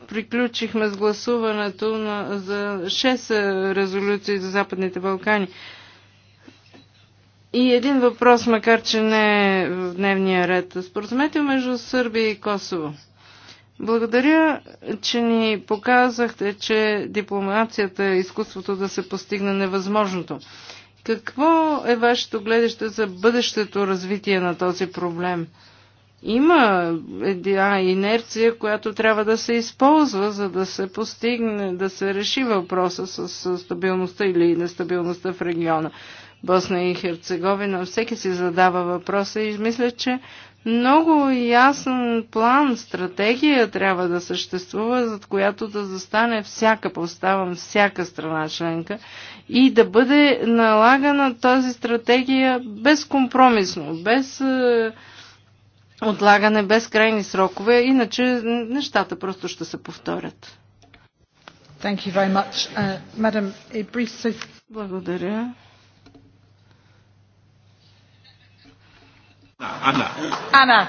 приключихме с гласуването на, за 6 е, резолюции за Западните Балкани. И един въпрос, макар че не е в дневния ред. Споразумете между Сърбия и Косово. Благодаря, че ни показахте, че дипломацията е изкуството да се постигне невъзможното. Какво е вашето гледаще за бъдещето развитие на този проблем? Има една инерция, която трябва да се използва, за да се постигне, да се реши въпроса с стабилността или нестабилността в региона. Босна и Херцеговина, всеки си задава въпроса и мисля, че много ясен план, стратегия трябва да съществува, зад която да застане всяка, поставам всяка страна членка и да бъде налагана тази стратегия безкомпромисно, без е, отлагане без крайни срокове, иначе нещата просто ще се повторят. Thank you very much. Uh, Madam Ibris, Благодаря. Anna. Anna.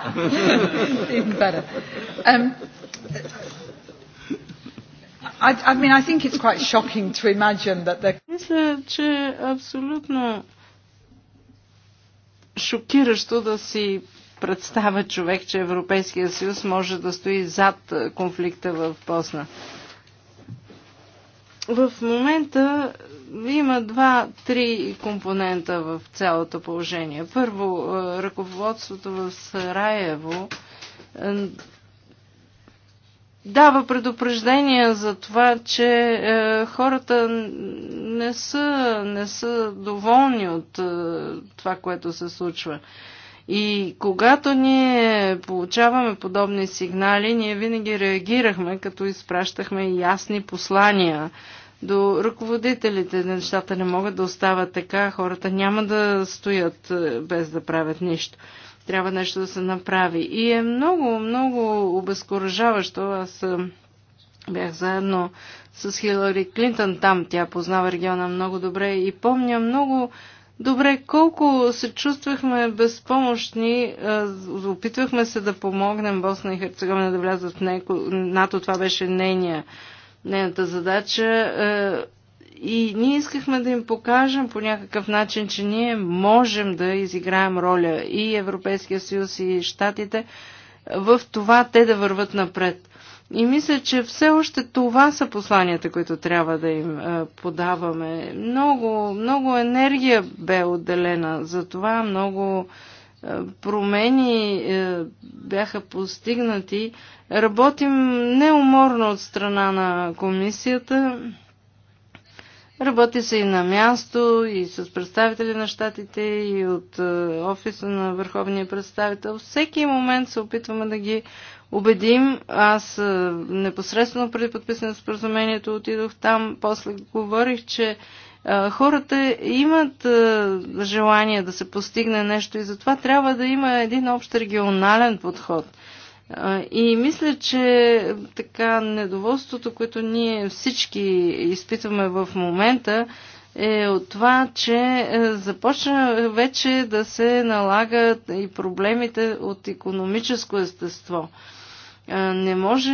Even better. Um, I, I mean, I think it's quite shocking to imagine that there... Мисля, че абсолютно шокиращо да си представа човек, че Европейския съюз може да стои зад конфликта в Босна. В момента има два-три компонента в цялото положение. Първо, е, ръководството в Сараево е, дава предупреждения за това, че е, хората не са, не са доволни от това, което се случва. И когато ние получаваме подобни сигнали, ние винаги реагирахме, като изпращахме ясни послания до ръководителите. Нещата не могат да остават така, хората няма да стоят е, без да правят нищо. Трябва нещо да се направи. И е много, много обезкуражаващо. Аз е, бях заедно с Хилари Клинтън там. Тя познава региона много добре и помня много Добре, колко се чувствахме безпомощни, опитвахме се да помогнем Босна и Херцеговина да влязат в неко... НАТО, това беше нейния, нейната задача. И ние искахме да им покажем по някакъв начин, че ние можем да изиграем роля и Европейския съюз, и Штатите в това те да върват напред. И мисля, че все още това са посланията, които трябва да им е, подаваме. Много, много енергия бе отделена за това, много е, промени е, бяха постигнати. Работим неуморно от страна на комисията. Работи се и на място, и с представители на щатите, и от офиса на върховния представител. Всеки момент се опитваме да ги убедим. Аз е, непосредствено преди подписане на споразумението отидох там, после говорих, че е, хората имат е, желание да се постигне нещо и затова трябва да има един общ регионален подход. И мисля, че така недоволството, което ние всички изпитваме в момента, е от това, че е, започна вече да се налагат и проблемите от економическо естество. Е, не може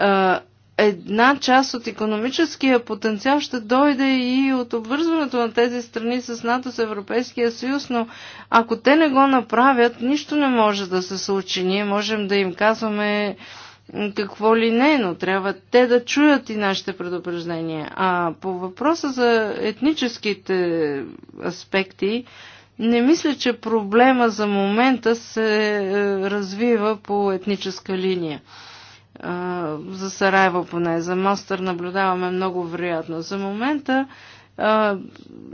е, една част от економическия потенциал ще дойде и от обвързването на тези страни с НАТО, с Европейския съюз, но ако те не го направят, нищо не може да се случи. Ние можем да им казваме какво ли не, но трябва те да чуят и нашите предупреждения. А по въпроса за етническите аспекти, не мисля, че проблема за момента се е, развива по етническа линия. За Сараево поне, за Мостър наблюдаваме много вероятно. За момента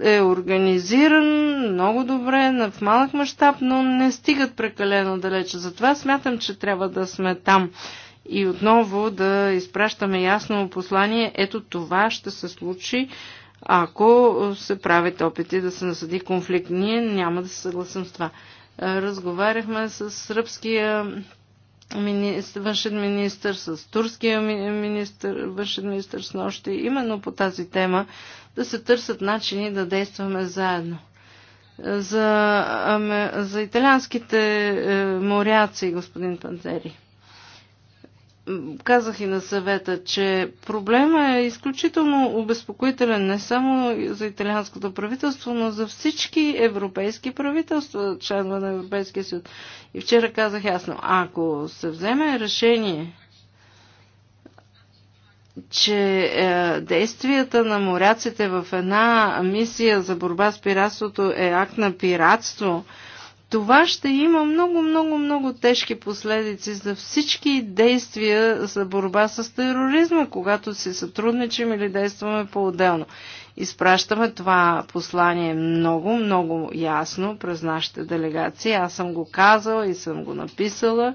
е организиран много добре, в малък мащаб, но не стигат прекалено далече. Затова смятам, че трябва да сме там и отново да изпращаме ясно послание, ето това ще се случи, ако се правят опити да се насъди конфликт. Ние няма да се съгласим с това. Разговаряхме с сръбския министр, външен министр, с турския министр, външен министр с нощи, именно по тази тема, да се търсят начини да действаме заедно. За, за италианските е, моряци, господин Пантери казах и на съвета, че проблема е изключително обезпокоителен не само за италианското правителство, но за всички европейски правителства, членове на Европейския съюз. И вчера казах ясно, ако се вземе решение, че е, действията на моряците в една мисия за борба с пиратството е акт на пиратство, това ще има много, много, много тежки последици за всички действия за борба с тероризма, когато си сътрудничим или действаме по-отделно. Изпращаме това послание много, много ясно през нашите делегации. Аз съм го казала и съм го написала.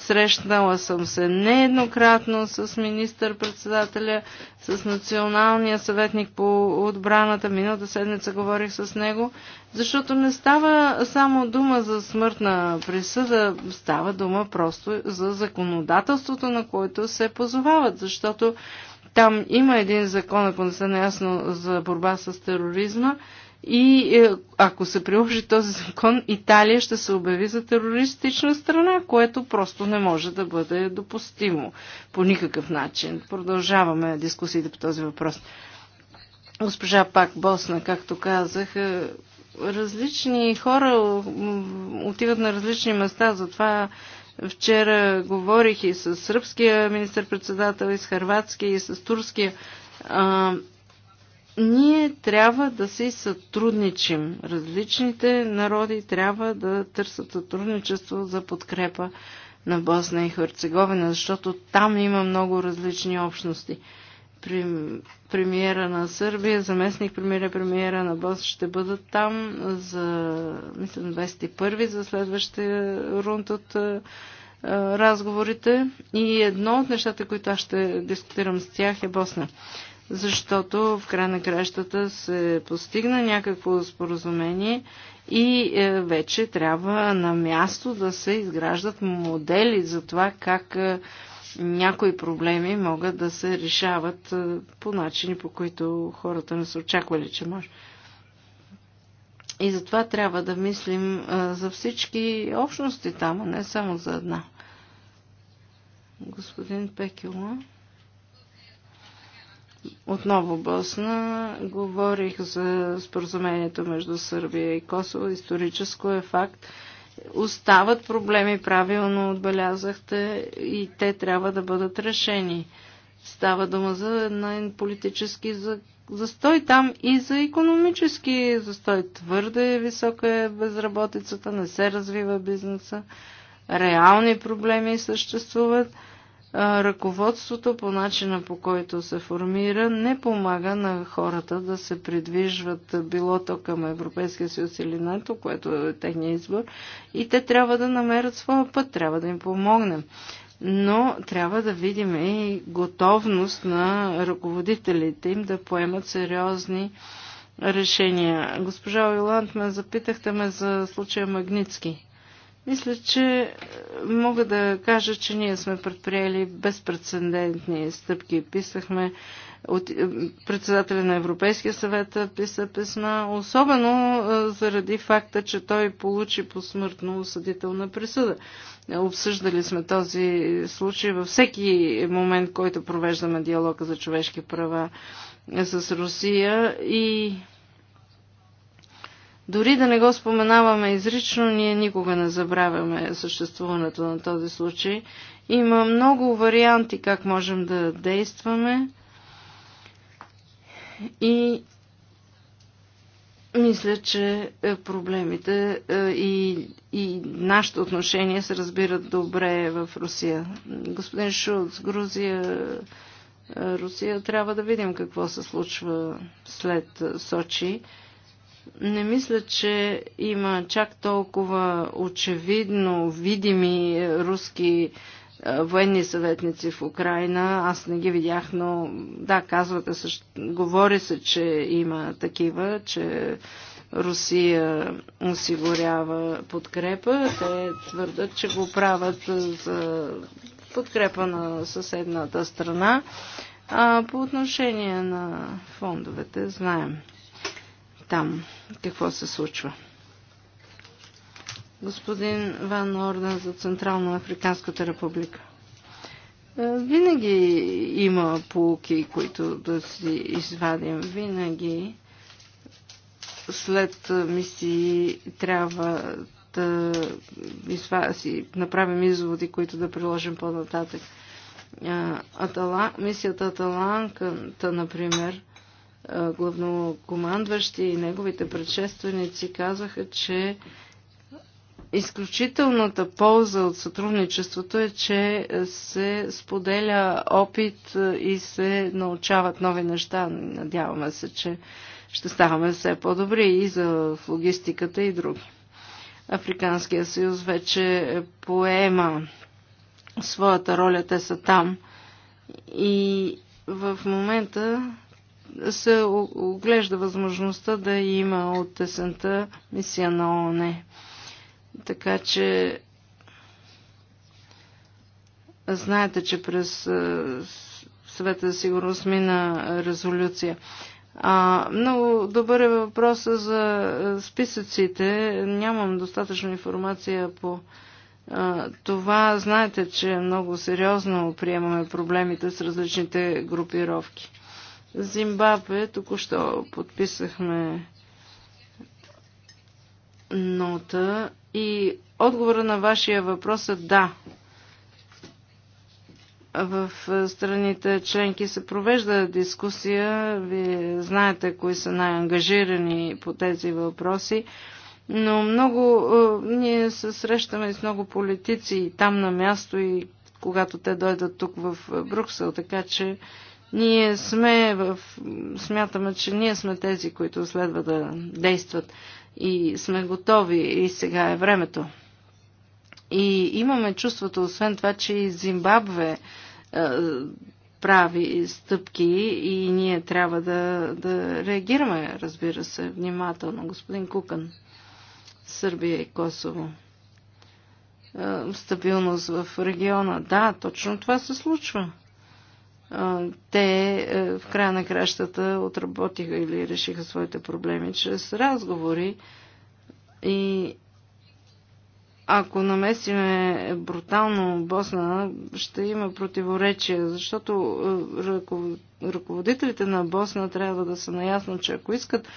Срещнала съм се нееднократно с министър-председателя, с националния съветник по отбраната. Миналата седмица говорих с него, защото не става само дума за смъртна присъда, става дума просто за законодателството, на което се позовават, защото там има един закон, ако не са неясно за борба с тероризма и е, ако се приложи този закон, Италия ще се обяви за терористична страна, което просто не може да бъде допустимо по никакъв начин. Продължаваме дискусиите по този въпрос. Госпожа Пак Босна, както казах, различни хора отиват на различни места, затова вчера говорих и с сръбския министър-председател, и с хърватския, и с турския. Ние трябва да си сътрудничим. Различните народи трябва да търсят сътрудничество за подкрепа на Босна и Херцеговина, защото там има много различни общности. Премиера на Сърбия, заместник премиера, премиера на Босна ще бъдат там за, мисля, 21 и за следващия рунд от разговорите. И едно от нещата, които аз ще дискутирам с тях е Босна защото в край на кращата се постигна някакво споразумение и е, вече трябва на място да се изграждат модели за това как е, някои проблеми могат да се решават е, по начини, по които хората не са очаквали, че може. И затова трябва да мислим за всички общности там, а не само за една. Господин Пекила. Отново Босна. Говорих за споразумението между Сърбия и Косово. Историческо е факт. Остават проблеми, правилно отбелязахте, и те трябва да бъдат решени. Става дума за една политически застой там и за економически застой. Твърде висока е безработицата, не се развива бизнеса, реални проблеми съществуват ръководството по начина по който се формира не помага на хората да се придвижват било то към Европейския съюз или НАТО, което е техния избор, и те трябва да намерят своя път, трябва да им помогнем. Но трябва да видим и готовност на ръководителите им да поемат сериозни решения. Госпожа Ойланд, ме запитахте ме за случая Магницки. Мисля, че е, мога да кажа, че ние сме предприели безпредседентни стъпки. Писахме от е, председателя на Европейския съвет писа писма, особено е, заради факта, че той получи посмъртно осъдителна присъда. Обсъждали сме този случай във всеки момент, който провеждаме диалога за човешки права с Русия и дори да не го споменаваме изрично, ние никога не забравяме съществуването на този случай. Има много варианти как можем да действаме и мисля, че е, проблемите е, и, и нашето отношение се разбират добре в Русия. Господин Шулц, Грузия, е, Русия, трябва да видим какво се случва след Сочи не мисля, че има чак толкова очевидно видими е, руски е, военни съветници в Украина. Аз не ги видях, но да, казвате, също, говори се, че има такива, че Русия осигурява подкрепа. Те твърдат, че го правят е, за подкрепа на съседната страна. А по отношение на фондовете, знаем там какво се случва. Господин Ван Орден за Централна Африканската република. Е, винаги има полуки, които да си извадим. Винаги след мисии трябва да си направим изводи, които да приложим по-нататък. Е, Атала, мисията Аталанка, например, главнокомандващи и неговите предшественици казаха, че изключителната полза от сътрудничеството е, че се споделя опит и се научават нови неща. Надяваме се, че ще ставаме все по-добри и за логистиката и други. Африканския съюз вече поема своята роля, те са там. И в момента се оглежда възможността да има от есента мисия на ООН. Така че знаете, че през е, съвета за сигурност мина резолюция. А, много добър е въпросът за е, списъците. Нямам достатъчно информация по а, е, това. Знаете, че много сериозно приемаме проблемите с различните групировки. Зимбабве току-що подписахме нота и отговора на вашия въпрос е да. В страните членки се провежда дискусия. Вие знаете кои са най-ангажирани по тези въпроси. Но много е, ние се срещаме с много политици и там на място и когато те дойдат тук в Бруксел, така че ние сме в... смятаме, че ние сме тези, които следва да действат и сме готови и сега е времето. И имаме чувството, освен това, че и Зимбабве е, прави стъпки и ние трябва да, да реагираме, разбира се, внимателно. Господин Кукан, Сърбия и Косово. Е, стабилност в региона. Да, точно това се случва те е, в края на кращата отработиха или решиха своите проблеми чрез разговори. И ако намесиме брутално Босна, ще има противоречия, защото е, ръководителите на Босна трябва да са наясно, че ако искат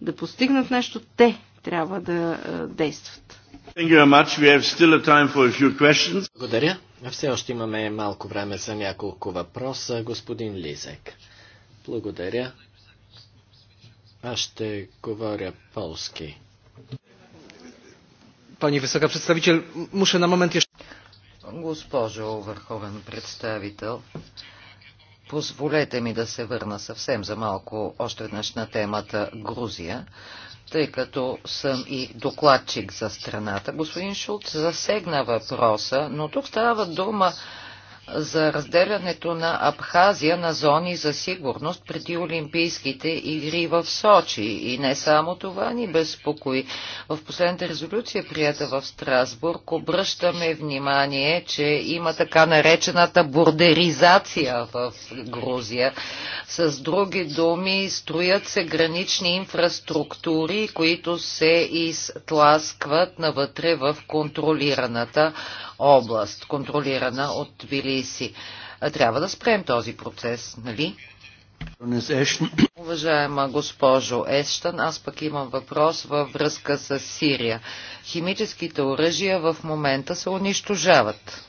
да постигнат нещо, те трябва да е, действат. Благодаря. Все още имаме малко време за няколко въпроса. Господин Лизек. Благодаря. Аз ще говоря полски. Пани висока представител, муша на момент еш... Госпожо върховен представител, позволете ми да се върна съвсем за малко още веднъж на темата Грузия тъй като съм и докладчик за страната. Господин Шулц засегна въпроса, но тук става дума за разделянето на Абхазия на зони за сигурност преди Олимпийските игри в Сочи. И не само това ни безпокои. В последната резолюция, прията в Страсбург, обръщаме внимание, че има така наречената бордеризация в Грузия. С други думи, строят се гранични инфраструктури, които се изтласкват навътре в контролираната област, контролирана от били зависи. Трябва да спрем този процес, нали? Уважаема госпожо Ещан, аз пък имам въпрос във връзка с Сирия. Химическите оръжия в момента се унищожават.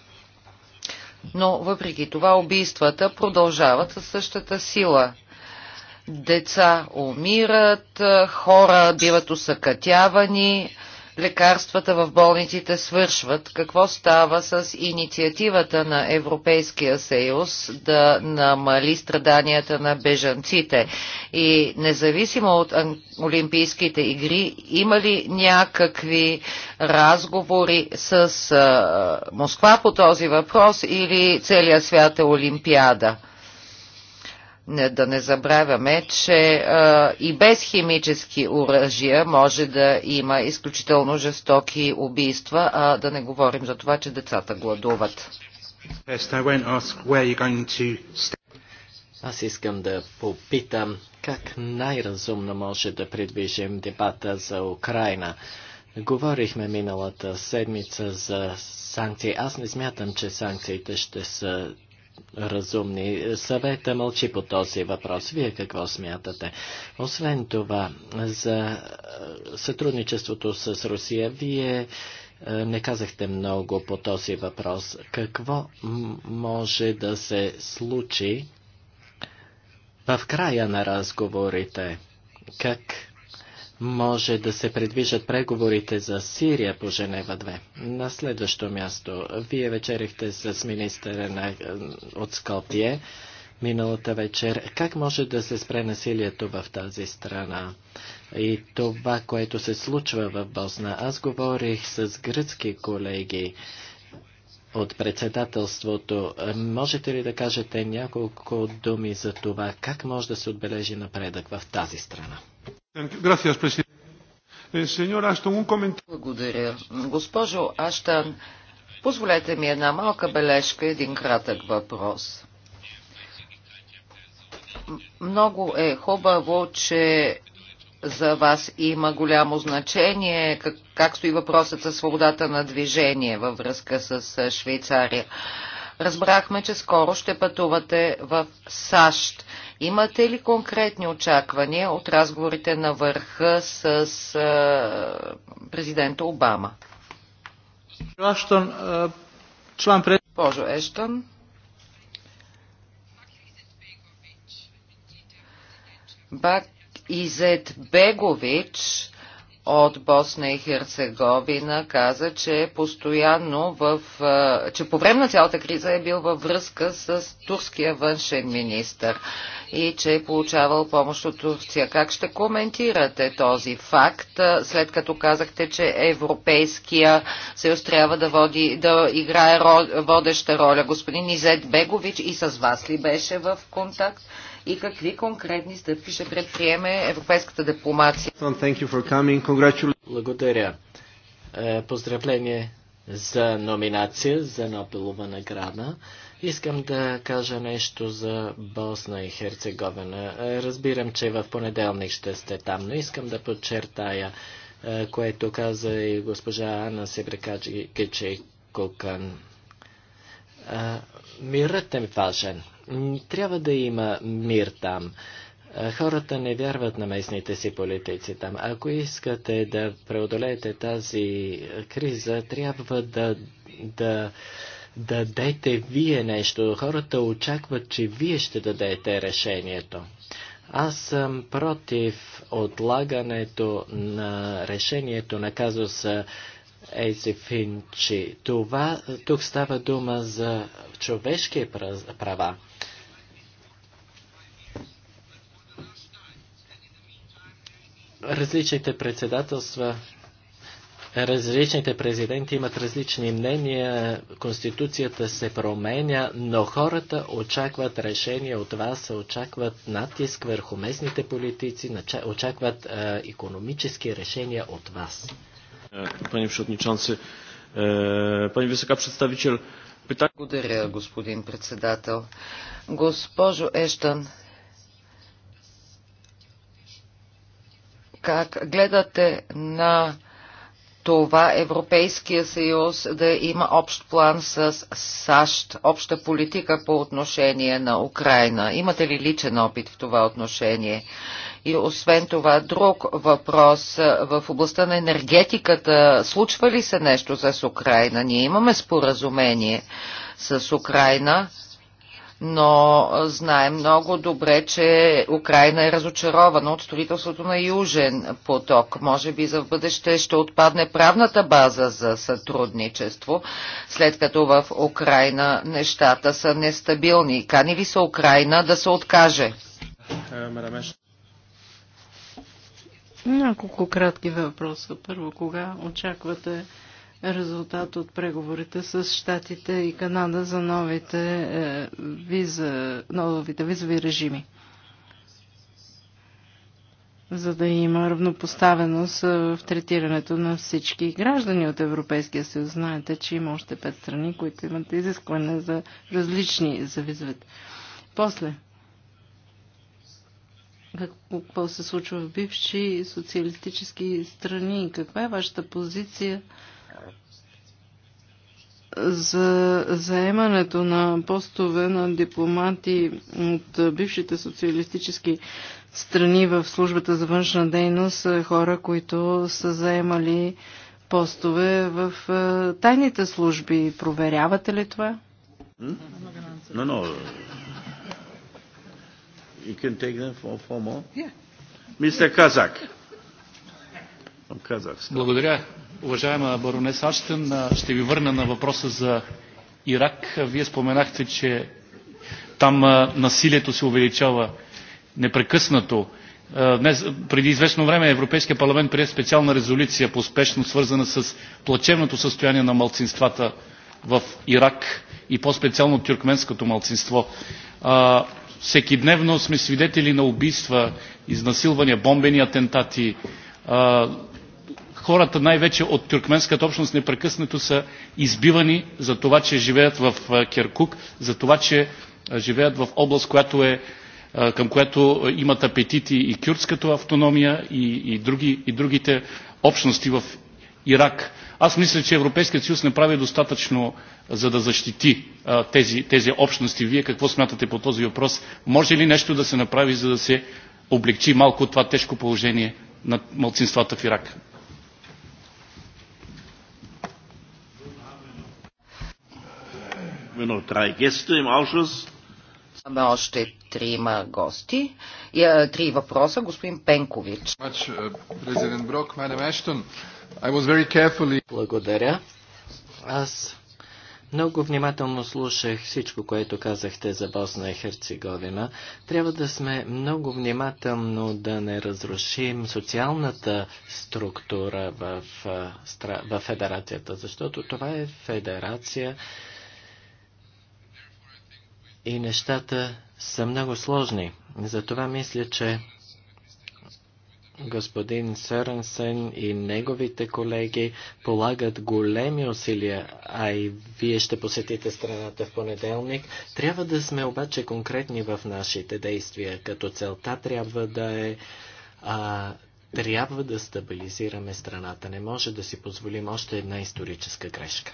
Но въпреки това убийствата продължават със същата сила. Деца умират, хора биват усъкътявани, лекарствата в болниците свършват. Какво става с инициативата на Европейския съюз да намали страданията на бежанците? И независимо от Олимпийските игри, има ли някакви разговори с Москва по този въпрос или целият свят е Олимпиада? да не забравяме, че а, и без химически оръжия може да има изключително жестоки убийства, а да не говорим за това, че децата гладуват. Аз искам да попитам как най-разумно може да придвижим дебата за Украина. Говорихме миналата седмица за санкции. Аз не смятам, че санкциите ще са разумни. Съвета мълчи по този въпрос. Вие какво смятате? Освен това, за е, сътрудничеството с Русия, вие е, не казахте много по този въпрос. Какво може да се случи в края на разговорите? Как може да се предвижат преговорите за Сирия по Женева 2. На следващо място, вие вечерихте с министъра на, е, от Скопие миналата вечер. Как може да се спре насилието в тази страна и това, което се случва в Босна? Аз говорих с гръцки колеги от председателството. Можете ли да кажете няколко думи за това, как може да се отбележи напредък в тази страна? Eh, Благодаря. Госпожо Аштан, позволете ми една малка бележка, един кратък въпрос. Много е хубаво, че за вас има голямо значение, как, как стои въпросът за свободата на движение във връзка с Швейцария. Разбрахме, че скоро ще пътувате в САЩ. Имате ли конкретни очаквания от разговорите на върха с президента Обама? Божо Ештон. Бак Изет Бегович от Босна и Херцеговина каза, че постоянно в, че по време на цялата криза е бил във връзка с турския външен министр и че е получавал помощ от Турция. Как ще коментирате този факт, след като казахте, че Европейския съюз трябва да, води, да играе водеща роля? Господин Изет Бегович и с вас ли беше в контакт? и какви конкретни стъпки ще предприеме европейската дипломация. Благодаря. Е, поздравление за номинация за Нобелова награда. Искам да кажа нещо за Босна и Херцеговина. Е, разбирам, че в понеделник ще сте там, но искам да подчертая, е, което каза и госпожа Анна Себрекаджи Кукан. Мирът е важен. Трябва да има мир там. Хората не вярват на местните си политици там. Ако искате да преодолеете тази криза, трябва да, да дадете вие нещо. Хората очакват, че вие ще дадете решението. Аз съм против отлагането на решението на казуса Ейси Финчи. Това, тук става дума за човешки права. различните председателства, различните президенти имат различни мнения, Конституцията се променя, но хората очакват решение от вас, очакват натиск върху местните политици, очакват е, економически решения от вас. Е, пани Пшотничанце, пани Wysoka представител, Благодаря, господин председател. Госпожо Ештън, как гледате на това Европейския съюз да има общ план с САЩ, обща политика по отношение на Украина. Имате ли личен опит в това отношение? И освен това, друг въпрос в областта на енергетиката. Случва ли се нещо с Украина? Ние имаме споразумение с Украина но знаем много добре, че Украина е разочарована от строителството на Южен поток. Може би за в бъдеще ще отпадне правната база за сътрудничество, след като в Украина нещата са нестабилни. Кани ли се Украина да се откаже? Няколко кратки въпроса. Първо, кога очаквате резултат от преговорите с Штатите и Канада за новите, е, виза, новите визови режими. За да има равнопоставеност е, в третирането на всички граждани от Европейския съюз. Знаете, че има още пет страни, които имат изискване за различни за визовете. После, какво се случва в бивши социалистически страни? Каква е вашата позиция? за заемането на постове на дипломати от бившите социалистически страни в службата за външна дейност е, хора, които са заемали постове в е, тайните служби. Проверявате ли това? Не, не. You can take them for, for more. Yeah. Mr. Благодаря. Уважаема баронес Аштън, ще ви върна на въпроса за Ирак. Вие споменахте, че там насилието се увеличава непрекъснато. Днес, преди известно време Европейския парламент прие специална резолюция по спешно свързана с плачевното състояние на малцинствата в Ирак и по-специално тюркменското малцинство. Всеки дневно сме свидетели на убийства, изнасилвания, бомбени атентати, хората най-вече от тюркменската общност непрекъснато са избивани за това, че живеят в Киркук, за това, че живеят в област, която е, към която имат апетити и кюрдската автономия и, и, други, и другите общности в Ирак. Аз мисля, че Европейският съюз не прави достатъчно за да защити а, тези, тези общности. Вие какво смятате по този въпрос? Може ли нещо да се направи, за да се облегчи малко това тежко положение на младсинствата в Ирак? Имаме още трима гости. Три въпроса. Господин Пенкович. Uh, Благодаря. Аз много внимателно слушах всичко, което казахте за Босна и Херцеговина. Трябва да сме много внимателно да не разрушим социалната структура в, в федерацията, защото това е федерация, и нещата са много сложни. Затова мисля, че господин Сърнсен и неговите колеги полагат големи усилия, а и вие ще посетите страната в понеделник. Трябва да сме обаче конкретни в нашите действия, като целта трябва да е а, трябва да стабилизираме страната. Не може да си позволим още една историческа грешка.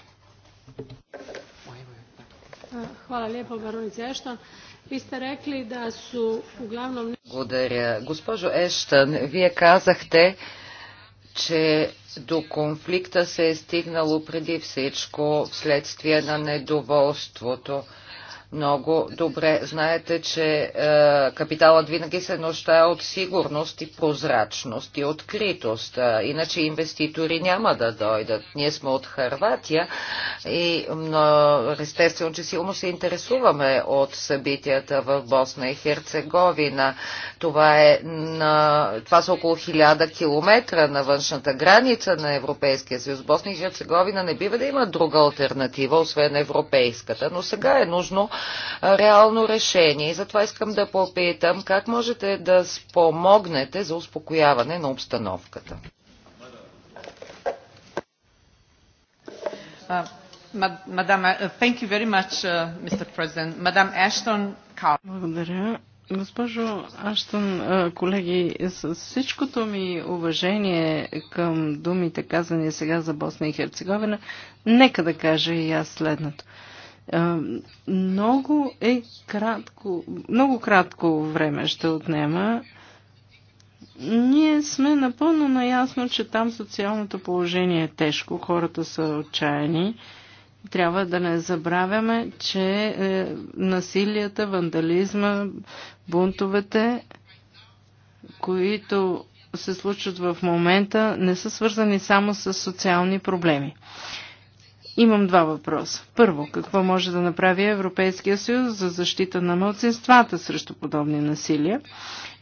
Благодаря. Госпожо Ештън, вие казахте, че до конфликта се е стигнало преди всичко вследствие на недоволството. Много добре знаете, че е, капиталът винаги се нуждае от сигурност и прозрачност и откритост. Е, иначе инвеститори няма да дойдат. Ние сме от Харватия и но, естествено, че силно се интересуваме от събитията в Босна и Херцеговина. Това, е на, това са около 1000 километра на външната граница на Европейския съюз. Босна и Херцеговина не бива да има друга альтернатива, освен европейската. Но сега е нужно реално решение. И затова искам да попитам как можете да спомогнете за успокояване на обстановката. Uh, uh, uh, Благодаря. Госпожо Аштон, колеги, с всичкото ми уважение към думите казани сега за Босна и Херцеговина, нека да кажа и аз следното. Много е кратко, много кратко време ще отнема. Ние сме напълно наясно, че там социалното положение е тежко, хората са отчаяни. Трябва да не забравяме, че е, насилията, вандализма, бунтовете, които се случват в момента, не са свързани само с социални проблеми. Имам два въпроса. Първо, какво може да направи Европейския съюз за защита на мълцинствата срещу подобни насилия?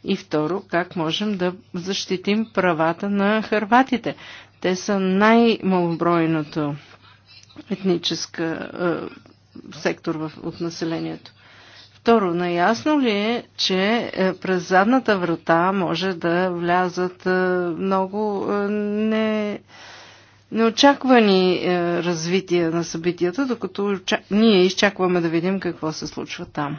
И второ, как можем да защитим правата на хърватите? Те са най-малобройното етническа е, сектор в, от населението. Второ, наясно ли е, че е, през задната врата може да влязат е, много е, не неочаквани е, развития на събитията, докато ние изчакваме да видим какво се случва там.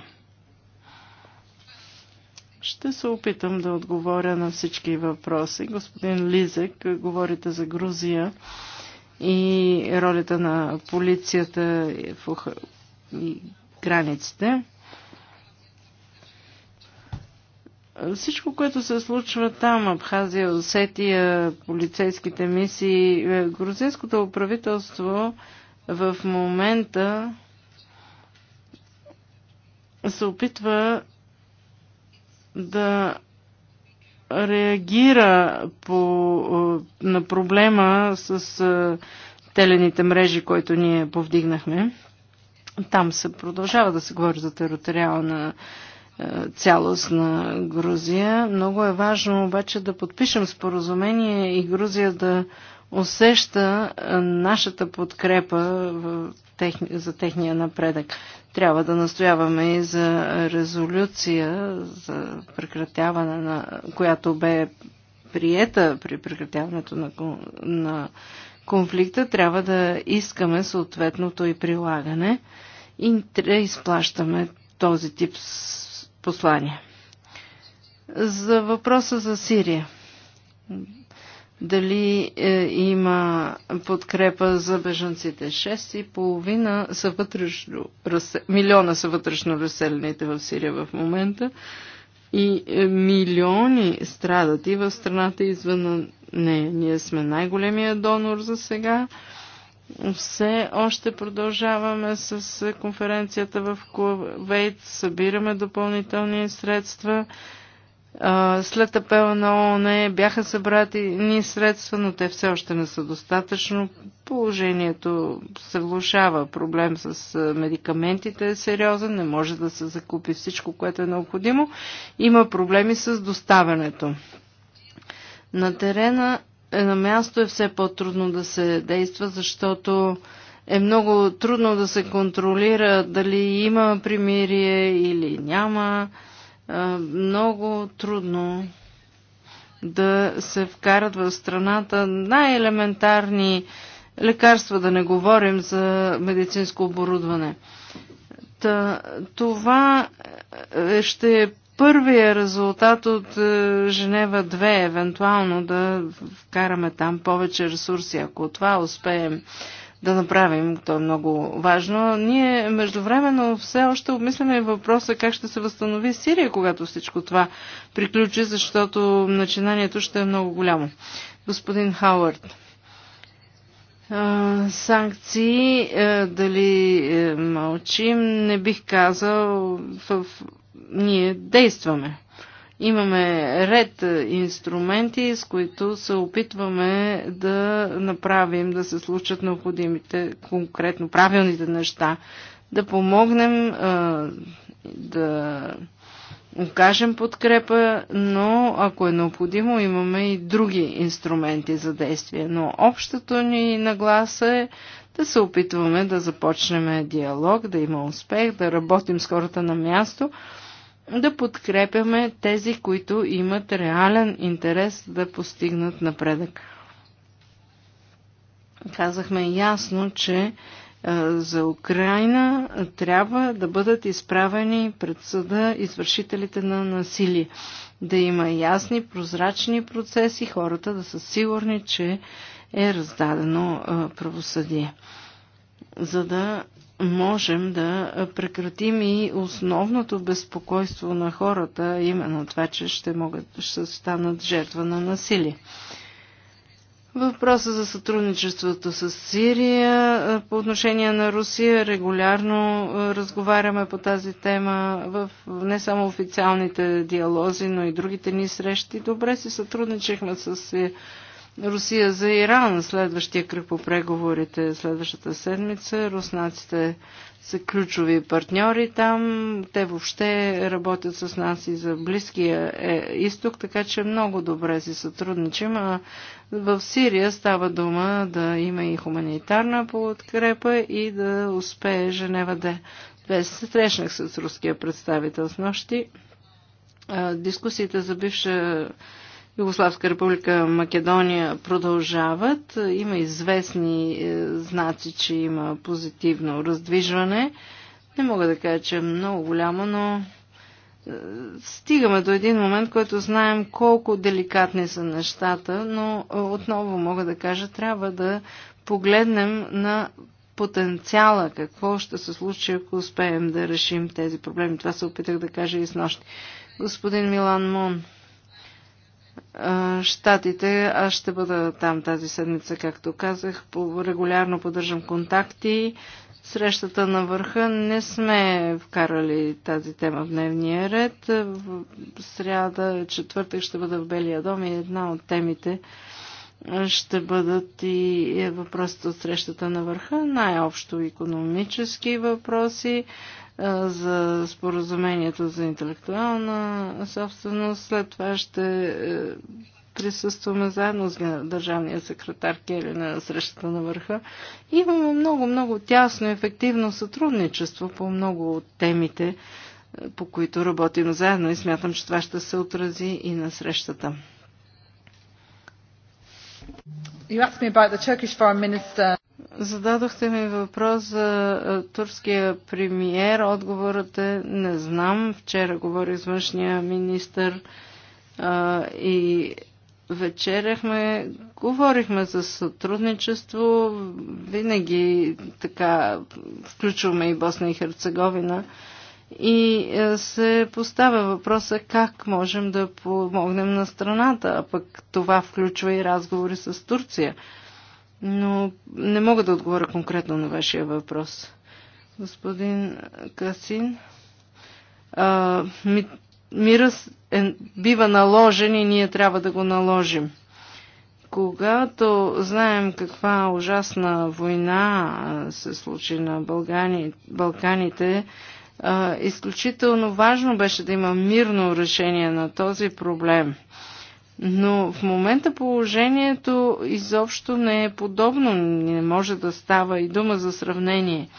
Ще се опитам да отговоря на всички въпроси. Господин Лизек, говорите за Грузия и ролята на полицията в и границите. Всичко, което се случва там, Абхазия, Осетия, полицейските мисии, е, грузинското правителство в момента се опитва да реагира по, е, на проблема с е, телените мрежи, които ние повдигнахме. Там се продължава да се говори за териториална цялост на Грузия. Много е важно обаче да подпишем споразумение и Грузия да усеща нашата подкрепа за техния напредък. Трябва да настояваме и за резолюция за прекратяване на, която бе приета при прекратяването на, на конфликта. Трябва да искаме съответното и прилагане и да изплащаме този тип послание. За въпроса за Сирия. Дали е, има подкрепа за бежанците? 6,5 са вътрешно, милиона са вътрешно разселените в Сирия в момента и е, милиони страдат и в страната извън нея. Ние сме най-големия донор за сега. Е, все още продължаваме с конференцията в Кувейт, събираме допълнителни средства. След апела на ООН бяха ни средства, но те все още не са достатъчно. Положението се влушава. Проблем с медикаментите е сериозен, не може да се закупи всичко, което е необходимо. Има проблеми с доставянето. На терена е на място е все по-трудно да се действа, защото е много трудно да се контролира дали има примирие или няма. Е, много трудно да се вкарат в страната най-елементарни лекарства, да не говорим за медицинско оборудване. това е, ще е първия резултат от е, Женева 2, евентуално да вкараме там повече ресурси. Ако това успеем да направим, то е много важно. Ние междувременно все още обмисляме въпроса как ще се възстанови Сирия, когато всичко това приключи, защото начинанието ще е много голямо. Господин Хауърд санкции, е, дали е, мълчим, не бих казал в ние действаме. Имаме ред е, инструменти, с които се опитваме да направим да се случат необходимите, конкретно правилните неща, да помогнем, е, да окажем подкрепа, но ако е необходимо, имаме и други инструменти за действие. Но общото ни нагласа е да се опитваме да започнем диалог, да има успех, да работим с хората на място – да подкрепяме тези, които имат реален интерес да постигнат напредък. Казахме ясно, че е, за Украина трябва да бъдат изправени пред съда извършителите на насилие. Да има ясни, прозрачни процеси, хората да са сигурни, че е раздадено е, правосъдие. За да можем да прекратим и основното безпокойство на хората, именно това, че ще могат, ще станат жертва на насилие. Въпроса за сътрудничеството с Сирия по отношение на Русия регулярно разговаряме по тази тема в не само официалните диалози, но и другите ни срещи. Добре си сътрудничихме с е, Русия за Иран, следващия кръг по преговорите, следващата седмица. Руснаците са ключови партньори там. Те въобще работят с нас и за Близкия е, изток, така че много добре си сътрудничим. А в Сирия става дума да има и хуманитарна подкрепа и да успее Женева да. Две се срещнах с руския представител с нощи. Дискусията за бивша Югославска република Македония продължават. Има известни е, знаци, че има позитивно раздвижване. Не мога да кажа, че е много голямо, но е, стигаме до един момент, който знаем колко деликатни са нещата, но е, отново мога да кажа, трябва да погледнем на потенциала, какво ще се случи, ако успеем да решим тези проблеми. Това се опитах да кажа и с нощи. Господин Милан Мон. Штатите. Аз ще бъда там тази седмица, както казах. Регулярно поддържам контакти. Срещата на върха не сме вкарали тази тема в дневния ред. В сряда, четвъртък ще бъда в Белия дом и една от темите ще бъдат и въпросите от срещата на върха, най-общо економически въпроси, за споразумението за интелектуална собственост. След това ще е, присъстваме заедно с държавния секретар Кели на срещата на върха. Имаме много, много тясно, ефективно сътрудничество по много от темите, е, по които работим заедно и смятам, че това ще се отрази и на срещата. You asked me about the Turkish foreign minister. Зададохте ми въпрос за турския премиер. Отговорът е не знам. Вчера говори с външния министр а, и вечеряхме, говорихме за сътрудничество. Винаги така включваме и Босна и Херцеговина. И се поставя въпроса как можем да помогнем на страната, а пък това включва и разговори с Турция но не мога да отговоря конкретно на вашия въпрос. Господин Касин, а, ми, мира е, бива наложен и ние трябва да го наложим. Когато знаем каква ужасна война се случи на Балкани, Балканите, а, изключително важно беше да има мирно решение на този проблем – но в момента положението изобщо не е подобно. Не може да става и дума за сравнение.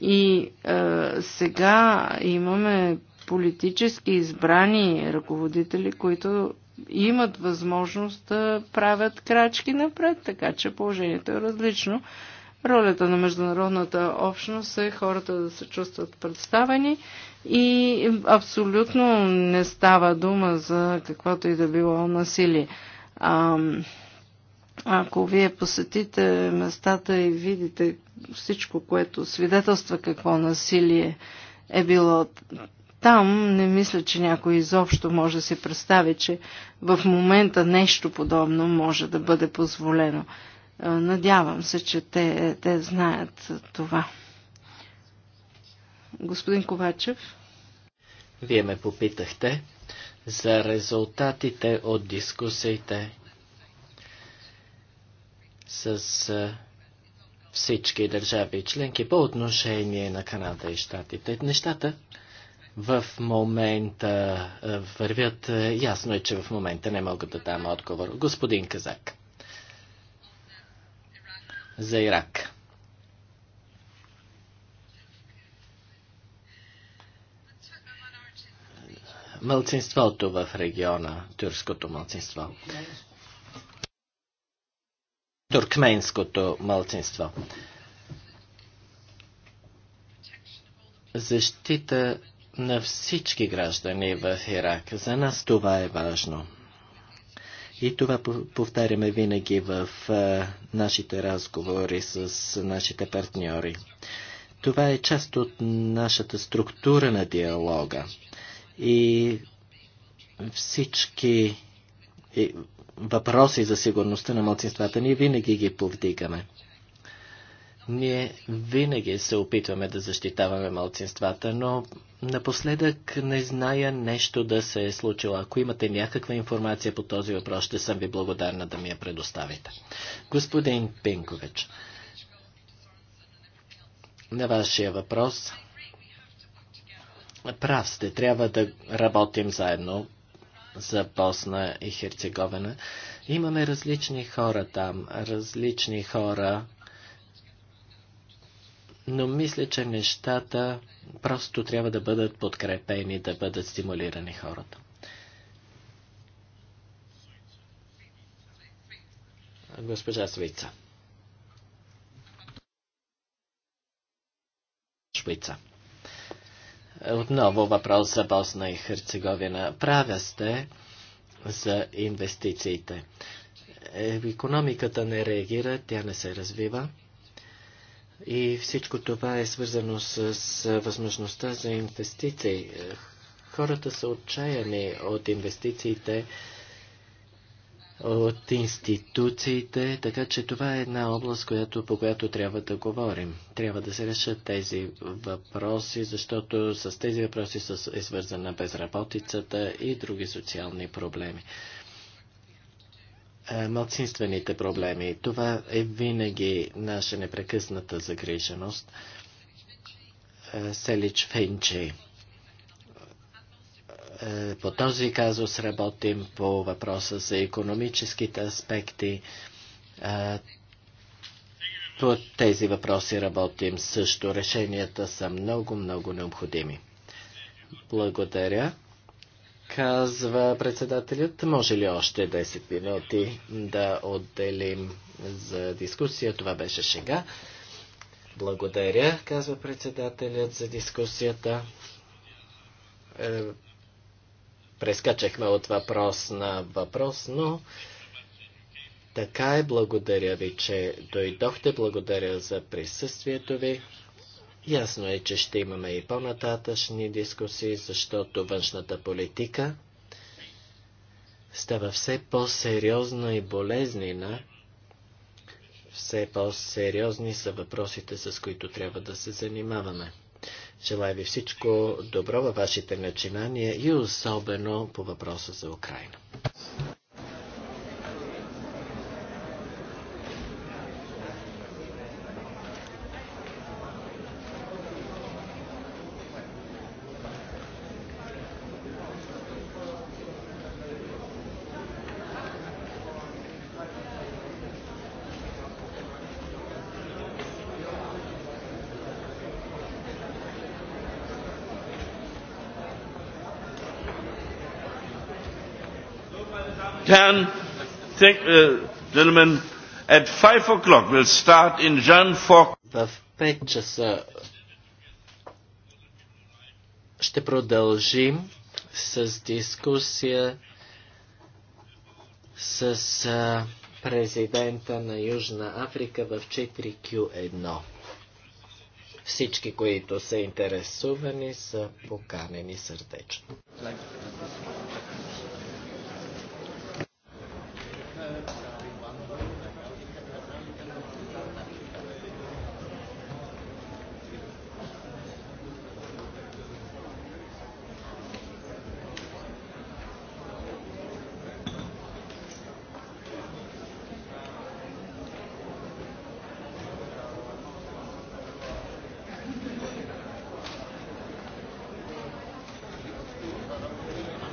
И е, сега имаме политически избрани ръководители, които имат възможност да правят крачки напред, така че положението е различно Ролята на международната общност е хората да се чувстват представени и абсолютно не става дума за каквото и да било насилие. А, ако вие посетите местата и видите всичко, което свидетелства какво насилие е било там, не мисля, че някой изобщо може да си представи, че в момента нещо подобно може да бъде позволено. Надявам се, че те, те знаят това. Господин Ковачев. Вие ме попитахте за резултатите от дискусиите с всички държави и членки по отношение на Канада и Штатите. Нещата в момента вървят. Ясно е, че в момента не мога да дам отговор. Господин Казак за Ирак. Мълцинството в региона, турското мълцинство. Туркменското мълцинство. Защита на всички граждани в Ирак. За нас това е важно. И това повтаряме винаги в нашите разговори с нашите партньори. Това е част от нашата структура на диалога. И всички въпроси за сигурността на младсинствата ние винаги ги повдигаме. Ние винаги се опитваме да защитаваме малцинствата, но напоследък не зная нещо да се е случило. Ако имате някаква информация по този въпрос, ще съм ви благодарна да ми я предоставите. Господин Пинкович, на вашия въпрос. Прав сте, трябва да работим заедно за Босна и Херцеговина. Имаме различни хора там, различни хора, но мисля, че нещата просто трябва да бъдат подкрепени, да бъдат стимулирани хората. Госпожа Свица. Швица. Отново въпрос за Босна и Херцеговина. Правя сте за инвестициите. Економиката не реагира, тя не се развива. И всичко това е свързано с, с възможността за инвестиции. Хората са отчаяни от инвестициите, от институциите, така че това е една област, която, по която трябва да говорим. Трябва да се решат тези въпроси, защото с тези въпроси е свързана безработицата и други социални проблеми. Е, малцинствените проблеми. Това е винаги наша непрекъсната загриженост. Е, Селич Фенчи. Е, по този казус работим по въпроса за економическите аспекти. По тези въпроси работим също. Решенията са много, много необходими. Благодаря казва председателят. Може ли още 10 минути да отделим за дискусия? Това беше шега. Благодаря, казва председателят за дискусията. Е, прескачахме от въпрос на въпрос, но така е. Благодаря ви, че дойдохте. Благодаря за присъствието ви. Ясно е, че ще имаме и по-нататъчни дискусии, защото външната политика става все по-сериозна и болезнена. Все по-сериозни са въпросите, с които трябва да се занимаваме. Желая ви всичко добро във вашите начинания и особено по въпроса за Украина. uh, gentlemen, at o'clock we'll start in В 5 часа ще продължим с дискусия с uh, президента на Южна Африка в 4Q1. Всички, които са интересувани, са поканени сърдечно.